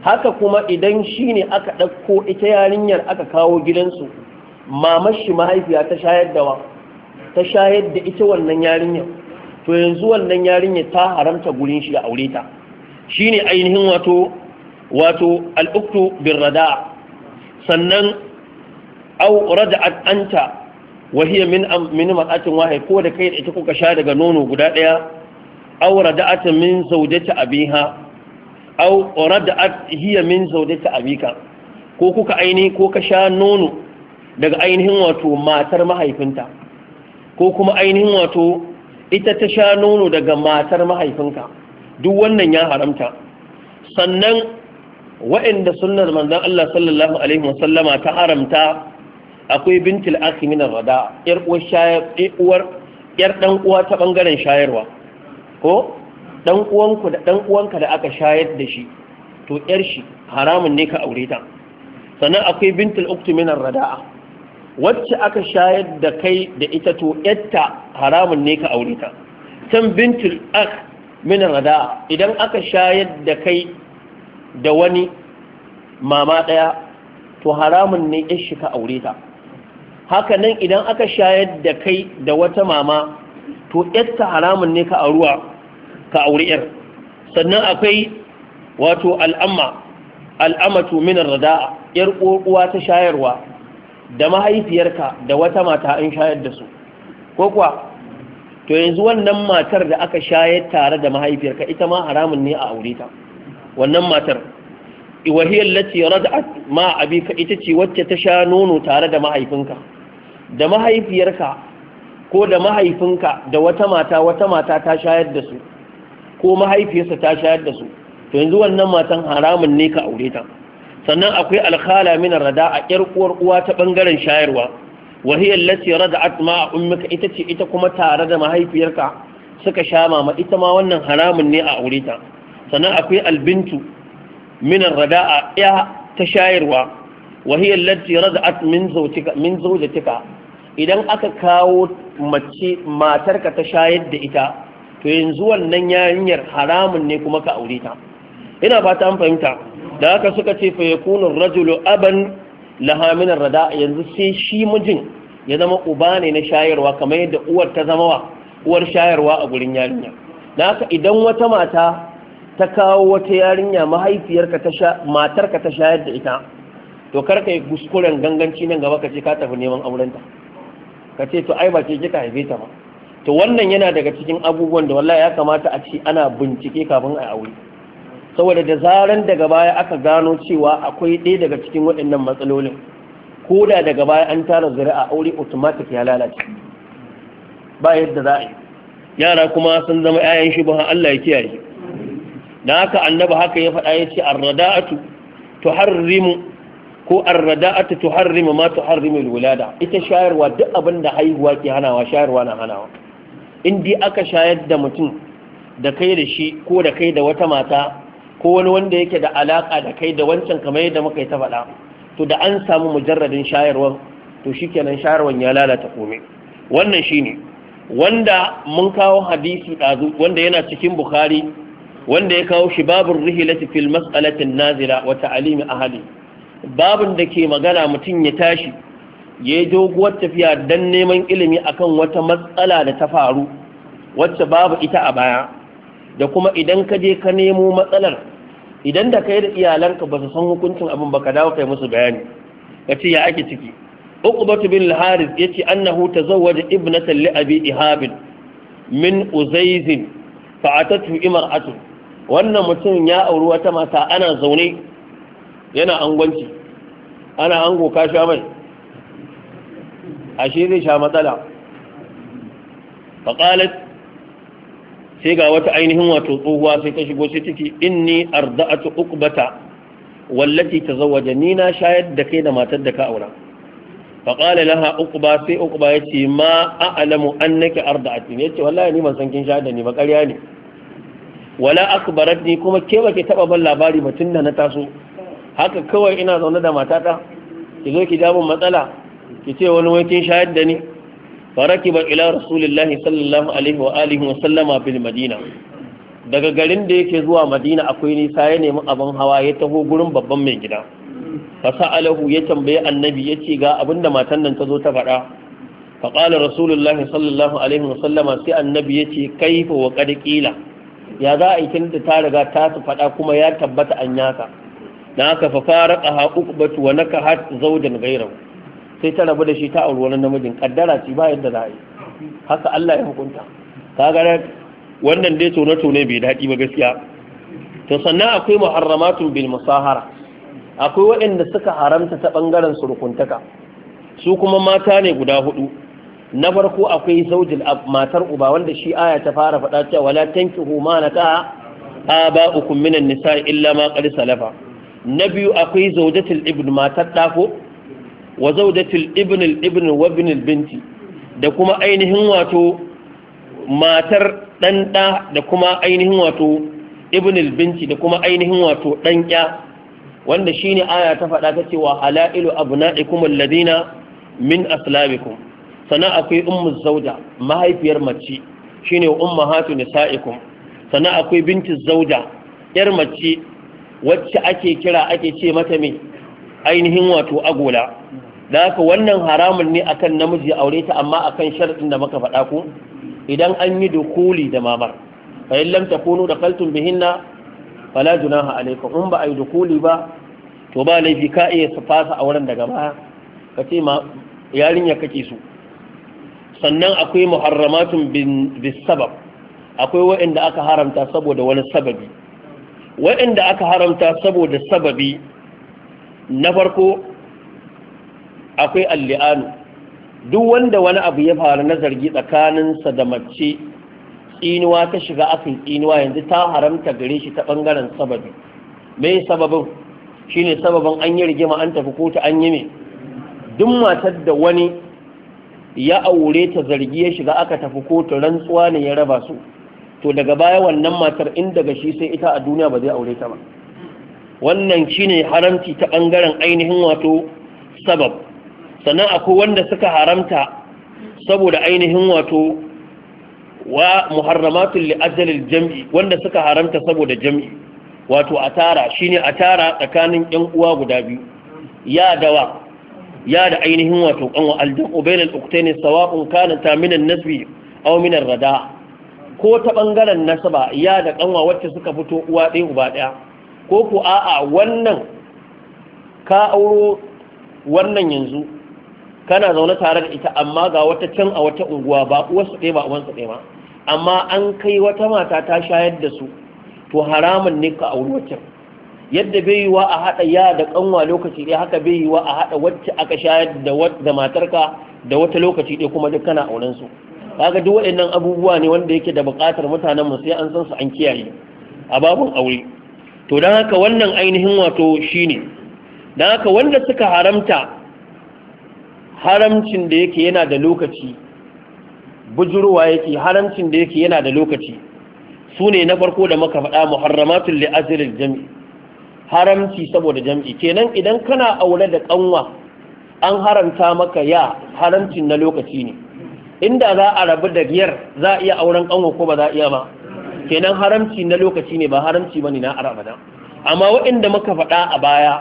haka kuma idan shi ne aka ɗauko ita yarinyar aka kawo gidansu mamar shi mahaifiya ta shayar da wa ta shayar da ita wannan yarinyar to yanzu wannan yarinyar ta haramta gurin shi a aure ta Shi ne ainihin wato wato al'uktu birrada sannan au rada'at anta wa hiya min min ma'atin wahai ko da kai da ita kuka sha daga nono guda daya au rada'at min zawjati abiha au rada'at hiya min zawjati abika ko kuka aini ko ka sha nono daga ainihin wato matar mahaifinta ko kuma ainihin wato ita ta sha nono daga matar mahaifinka duk wannan ya haramta sannan waɗanda sunnar manzon Allah sallallahu alaihi wasallama ta haramta akwai bintul akhi min rada yar ɗan uwa ta ɓangaren shayarwa ko ɗan uwanku da dan uwanka da aka shayar da shi to yar shi haramun ne ka aure ta sannan akwai bintul uktu min wacce aka shayar da kai da ita to yatta haramun ne ka aure ta can bintul akh min rada idan aka shayar da kai da wani mama ɗaya to haramun ne ya shi ka aure ta haka nan idan aka shayar da kai da wata mama to yatta haramun ne ka auruwa ka aure yar sannan akwai wato al'amma al'amatu min rada yar uwa ta shayarwa da mahaifiyarka da wata mata an shayar da su ko kuwa to yanzu wannan matar da aka shayar tare da mahaifiyarka ita ma haramun ne a aure ta wannan matar wahiyar lati rad'at ma abika ita ce wacce ta sha nono tare da mahaifinka da mahaifiyarka ko da mahaifinka da wata mata wata mata ta shayar da su ko mahaifiyarsa ta shayar da su to yanzu wannan matan haramun ne ka aure ta sannan akwai alkhala min rada a yar uwar uwa ta bangaren shayarwa wa hiya allati rada'at ma ummika ita ce ita kuma tare da mahaifiyarka suka sha mama ita ma wannan haramun ne a aure ta sannan akwai albintu min rada'a ya ta shayarwa wa hiya allati rada'at min zawjika min zawjatika idan aka kawo mace matarka ta shayar da ita to yanzu wannan yarinyar haramun ne kuma ka aure ta ina fata fahimta da haka suka ce fa yakunu rajulu na haminar rada yanzu sai shi mijin ya zama uba ne na shayarwa kamar yadda uwar ta zama wa uwar shayarwa a gurin yarinya Na haka idan wata mata ta kawo wata yarinya mahaifiyarka ta sha matarka ta shayar da ita to kar ka yi kuskuren ganganci nan gaba ka ce ka tafi neman aurenta ka ce to ai ba ke kika haife ta ba to wannan yana daga cikin abubuwan da wallahi ya kamata a ci ana bincike kafin a yi aure saboda da zaran daga baya aka gano cewa akwai ɗaya daga cikin waɗannan matsalolin ko da daga baya an tara zuri'a aure automatic ya lalace ba yadda za a yi yara kuma sun zama 'ya'yan shi ba Allah ya kiyaye dan haka annabi haka ya faɗa ya ce arrada'atu tuharrimu ko arrada'atu tuharrimu ma tuharrimu alwilada ita shayarwa duk abin da haihuwa ke hanawa shayarwa na hanawa in dai aka shayar da mutum da kai da shi ko da kai da wata mata ko wani wanda yake da alaka da kai da wancan kamar yadda muka yi ta faɗa to da an samu mujarradin shayarwan to shikenan shayarwan ya lalata komai wannan shine wanda mun kawo hadisi ɗazu wanda yana cikin bukhari wanda ya kawo shi babun rihilati fil mas'alati nazila wa a ahli babun da ke magana mutum ya tashi ya yi doguwar tafiya don neman ilimi akan wata matsala da ta faru wacce babu ita a baya da kuma idan ka je ka nemo matsalar idan da kai da iyalanka ba su san hukuncin abin ba ka dawo kai musu bayani ka ce ya ake ciki uqbatu bin al-harith yace annahu tazawwaja ibnatan li abi ihab min uzayz fa atatu imra'atu wannan mutum ya auri wata mata ana zaune yana angwanci ana ango ka sha mai ashe zai sha matsala qalat sai ga wata ainihin wato tsohuwa sai ta shigo sai take inni arda'atu uqbata wallati tazawwaja ni na shayar da kai da matar da ka aura fa qala laha uqba sai uqba yace ma a'lamu annaka arda'atni yace wallahi ni ban san kin shayar da ni ba ƙarya ne wala akbaratni kuma ke baki taba ban labari ba da na taso haka kawai ina zaune da matata ki zo ki ja min matsala ki ce wani wai kin shayar da ni فركب إلى رسول الله صلى الله عليه وآله وسلم daga garin da yake zuwa madina akwai nisa ya nemi abin hawa ya taho gurin babban mai gida fasa alahu ya tambayi annabi ya ce ga abinda da matan nan ta zo ta faɗa faƙalar rasulullah sallallahu alaihi wasallama sai annabi ya ce kaifa wa kada ya za a kinta ta riga ta su faɗa kuma ya tabbata an yaka na haka fa faraqa ƙaha uku batu wa naka zawjan ghayrahu sai ta rabu da shi ta auri wani namijin kaddara ci ba yadda za a yi haka Allah ya hukunta kaga wannan dai tone tone bai daɗi ba gaskiya to sannan akwai muharramatun bil musahara akwai waɗanda suka haramta ta bangaren surukuntaka su kuma mata ne guda hudu na farko akwai zaujil matar uba wanda shi aya ta fara faɗa cewa wala tankihu ma naka aba'ukum minan nisa illa ma qad salafa na biyu akwai zaujatul ibn matar dako wa zaudatul ibn al-ibn wa ibn al-binti da kuma ainihin wato matar dan da da kuma ainihin wato ibn al-binti da kuma ainihin wato dan ya wanda shine aya ta faɗa ta cewa halailu abna'ikum alladina min aslabikum sana akwai ummu zauda mahaifiyar mace shine ummahatu nisa'ikum sana akwai binti zauda yar mace wacce ake kira ake ce mata me ainihin wato agola da haka wannan haramun ne akan namiji aure ta amma akan sharɗin da muka faɗa ku idan an yi dukuli da mamar fa in lam takunu dakaltum bihinna fala junaha alaykum in ba ai dukuli ba to ba laifi ka iya su fasa auren daga baya ka ce ma yarinya kake so sannan akwai muharramatun bis sabab akwai waɗanda aka haramta saboda wani sababi waɗanda aka haramta saboda sababi na farko akwai alli'anu duk wanda wani abu ya faru na zargi tsakaninsa da mace tsinuwa ta shiga akan tsinuwa yanzu ta haramta gare shi ta ɓangaren sababi me sababin shine sababin an yi rigima an tafi kotu an yi duk matar da wani ya aure ta zargi ya shiga aka tafi kotu rantsuwa ne ya raba su to daga baya wannan matar in daga shi sai ita a duniya ba zai aure ta ba wannan shine haramci ta ɓangaren ainihin wato sabab sannan akwai wanda suka haramta saboda ainihin wato wa muharramatun li'ajalil jam'i wanda suka haramta saboda jam'i wato a tara shine a tara tsakanin yan uwa guda biyu ya dawa ya da ainihin wato kanwa aljamu bainal uktaini sawa'un kana ta minan nasbi aw ar rada ko ta bangaren nasaba ya da kanwa wacce suka fito uwa ɗaya uba ɗaya ko ku a'a wannan ka auro wannan yanzu kana zaune tare da ita amma ga wata can a wata unguwa ba uwarsu ɗaya ba uwansu ɗaya ba amma an kai wata mata ta shayar da su to haramun ne ka auri wacce? yadda bai yiwa a haɗa ya da ƙanwa lokaci ɗaya haka bai yiwa a haɗa wacce aka shayar da matarka da wata lokaci ɗaya kuma duk kana auren su kaga duk waɗannan abubuwa ne wanda yake da buƙatar mutanen mu sai an san su an kiyaye a babun aure to dan haka wannan ainihin wato shine dan haka wanda suka haramta haramcin da yake yana da lokaci bujurwa yake haramcin da yake yana da lokaci su ne na farko da maka faɗa muharramatun da azirin jam'i haramci saboda jam'i kenan idan kana aure da ƙanwa an haramta maka ya haramcin na lokaci ne inda za a rabu da giyar za a iya auren ƙanwa ko ba za a iya ba kenan haramci na lokaci ne ba haramci ba ne na arabada amma waɗanda muka faɗa a baya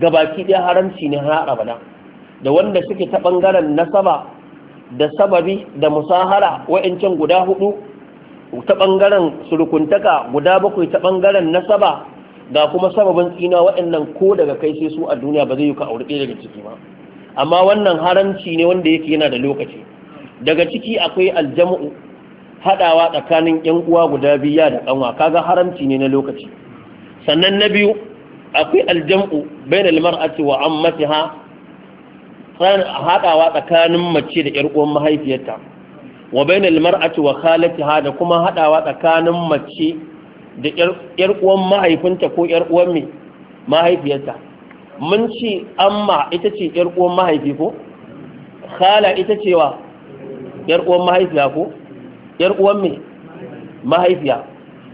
gabaki ɗaya haramci ne na arabada da wanda suke ta ɓangaren nasaba da sababi da musahara wa'ancan guda hudu ta ɓangaren surukuntaka guda bakwai ta ɓangaren nasaba ga kuma sababin tsina wa'annan ko daga kai sai su a duniya ba zai yi ka aure ɗaya daga ciki ba amma wannan haramci ne wanda yake yana da lokaci daga ciki akwai aljamu hadawa tsakanin yan uwa guda biya da kanwa kaga haramci ne na lokaci sannan na biyu akwai aljam'u bainal mar'ati wa ammatiha haɗawa tsakanin mace da ƴar uwan mahaifiyarta wa bainal mar'ati wa khalatiha da kuma haɗawa tsakanin mace da ƴar uwan mahaifinta ko ƴar uwan me mahaifiyarta mun ce amma ita ce ƴar uwan mahaifi ko khala ita ce wa ƴar uwan mahaifiya ko ƴar uwan me mahaifiya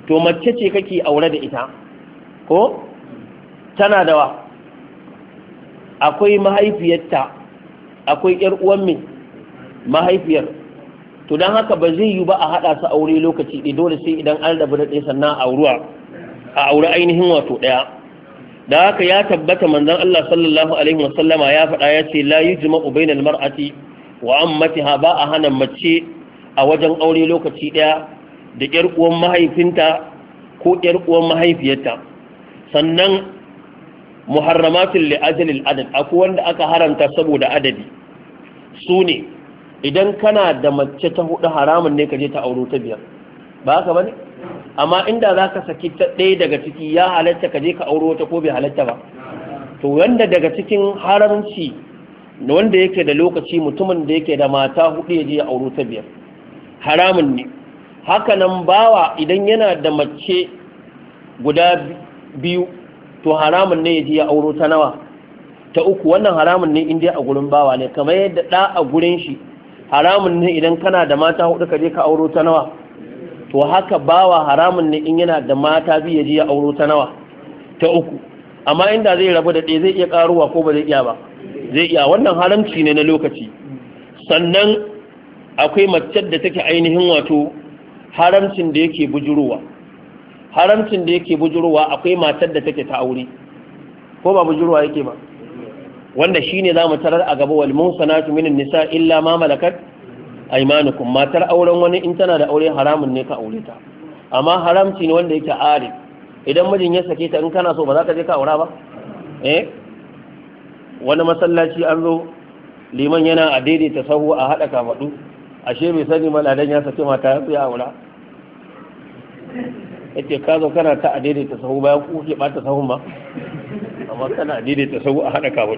to mace ce kake aure da ita ko tana da wa akwai mahaifiyarta akwai ƴar uwan min mahaifiyar to dan haka ba zai yi ba a haɗa su aure lokaci ɗaya dole sai idan an rabu da ɗaya sannan a a aure ainihin wato ɗaya da haka ya tabbata manzon Allah sallallahu alaihi wasallama ya faɗa ya ce la yujma'u bainal mar'ati wa ammatiha ba a hana mace a wajen aure lokaci ɗaya da ƴar uwan mahaifinta ko ƴar uwan mahaifiyarta sannan muharramatin li'ajalil adad akwai wanda aka haramta saboda adadi su ne idan kana da mace ta hudu haramun ne ka je ta auro ta biyar ba haka bane amma inda za ka saki ta ɗaya daga ciki ya halatta ka je ka auro ta ko bai halatta ba to wanda daga cikin haramci wanda yake da lokaci mutumin da yake da mata hudu ya je ya auro ta biyar haramun ne haka nan bawa idan yana da mace guda biyu to haramun ne ya ji ya auro ta nawa ta uku wannan haramun ne in dai a gurin bawa ne kamar yadda da a gurin shi haramun ne idan kana da mata hudu ka je ka auro ta nawa to haka bawa haramun ne in yana da mata biyu ya ji ya auro ta nawa ta uku amma inda zai rabu da ɗaya zai iya ƙaruwa ko ba zai iya ba zai iya wannan haramci ne na lokaci sannan akwai mace da take ainihin wato haramcin da yake bujurowa haramcin da yake bujurwa akwai matar da take ta aure ko ba bujurwa yake ba wanda shine zamu tarar a gaba wal musanatu minan nisa illa ma malakat aymanukum matar auren wani in tana da aure haramun ne ka aure ta amma haramci ne wanda yake ari idan mijin ya sake ta in kana so ba za ka je ka aura ba eh wani masallaci an zo liman yana a daidaita sahu a haɗa kafaɗu ashe bai sani maladan ya sake mata ya aura yace ka zo kana ta a daidaita sahu bayan ku ke bata sahun ba amma kana a daidaita sahu a hada kawai.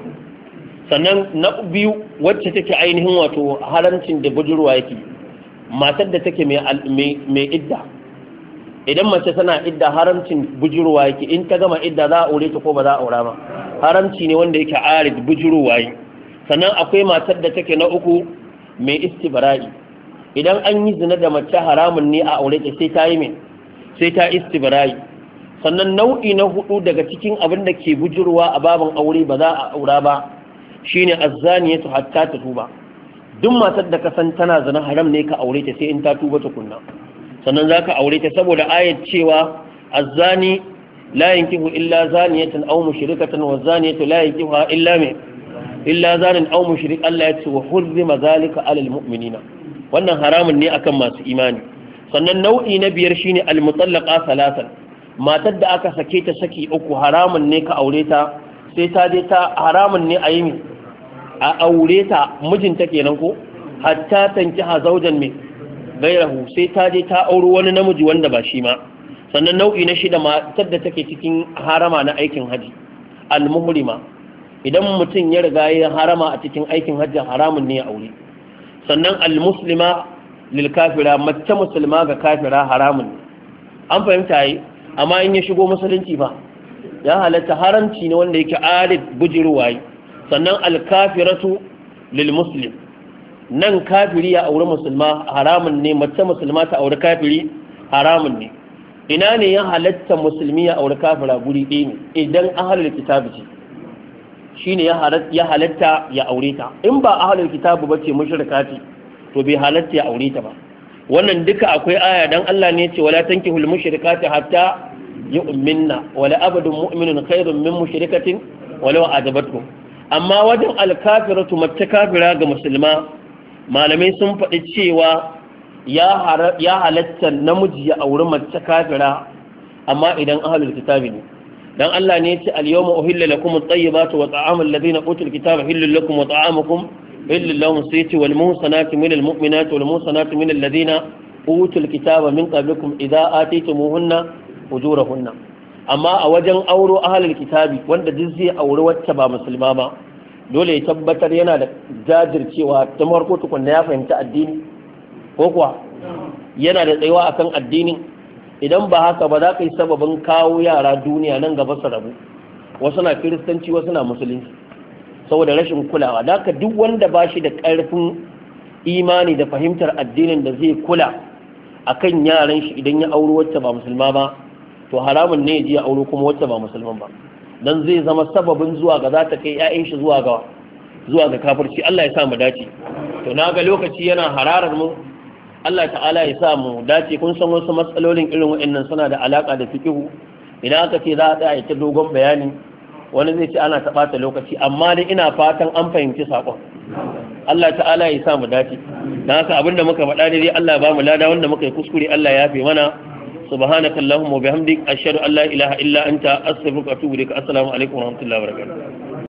sannan na biyu wacce take ainihin wato haramcin da bujurwa yake matar da take mai idda idan mace tana idda haramcin bujurwa yake in ta gama idda za a aure ta ko ba za a aura ba haramci ne wanda yake arid bujurwa yi. sannan akwai matar da take na uku mai istibara'i idan an yi zina da mace haramun ne a aure ta sai ta yi min sai ta istibra'i sannan nau'i na hudu daga cikin abin da ke bujurwa a babin aure ba za a aura ba shine azzaniyatu hatta tuba duk matar da ka san tana zina haram ne ka aure ta sai in ta tuba tukunna sannan zaka aure ta saboda ayat cewa azzani la yankihu illa zaniyatan aw mushrikatan wa zaniyatu la yankihuha illa me illa zanin aw mushrik Allah ya ce wa hurrima zalika alal mu'minina wannan haramun ne akan masu imani sannan nau'i na biyar shine al-mutallaqa salatan matar da aka sake ta saki uku haramun ne ka aure ta sai ta je ta haramun ne a yi a aure ta mijinta kenan ko hatta tanki ha zaujan mai gairahu sai ta je ta auri wani namiji wanda ba shi ma sannan nau'i na shida matar da take cikin harama na aikin haji al-muhrima idan mutum ya riga ya harama a cikin aikin hajji haramun ne ya aure sannan al-muslima lil kafira mace musulma ga kafira haramun an fahimta yi amma in ya shigo musulunci ba ya halatta haramci ne wanda yake arid bujirwa yi sannan alkafiratu lil muslim nan kafiri ya auri musulma haramun ne mace musulma ta auri kafiri haramun ne ina ne ya halatta musulmi ya auri kafira guri ɗaya ne idan ahalar kitabu ce shine ya halatta ya aure ta in ba ahalar kitabu ba ce mushrika ce to bai halatta ya aure ta ba wannan duka akwai aya dan Allah ne ce wala tankihul mushrikati hatta yu'minna wala abadun mu'minun khairun min mushrikatin walau ajabatkum amma wajen alkafiratu mace kafira ga musulma malamai sun faɗi cewa ya halatta namiji ya auri mace kafira amma idan ahlul kitabi ne dan Allah ne ya ce al-yawma uhilla lakum at-tayyibatu wa ta'amul ladina utul kitaba hillul lakum wa ta'amukum إلا اللهم سيتي والموصنات من المؤمنات والموصنات من الذين أوتوا الكتاب من قبلكم إذا آتيتموهن أجورهن أما أوجن أورو أهل الكتاب وأن جزي أورو واتبع مسلما ما dole ya tabbatar yana da jajircewa ta farko tukunna ya fahimci addini ko kuwa yana da tsayuwa akan addinin idan ba haka ba za ka yi sababin kawo yara duniya nan gaba su rabu wasu na kiristanci wasu na musulunci saboda rashin kulawa da haka duk wanda ba shi da ƙarfin imani da fahimtar addinin da zai kula a kan yaran shi idan ya auro wacce ba musulma ba to haramun ne ya ji ya auro kuma wacce ba musulman ba dan zai zama sababin zuwa ga za ta kai 'ya'yan shi zuwa ga zuwa ga Allah ya sa mu dace to na ga lokaci yana hararar mu Allah ta'ala ya sa mu dace kun san wasu matsalolin irin waɗannan suna da alaka da fikihu idan aka ce za a tsaya ta dogon bayani wani zai ce ana ta ɓata lokaci amma dai ina fatan an fahimci saƙon Allah ta'ala ya sa mu dace dan haka abinda muka faɗa dai Allah ba mu lada wanda muka yi kuskure Allah ya fi mana subhanaka allahumma wa bihamdik ashhadu an la ilaha illa anta astaghfiruka wa atubu ilaik assalamu alaikum wa rahmatullahi wa barakatuh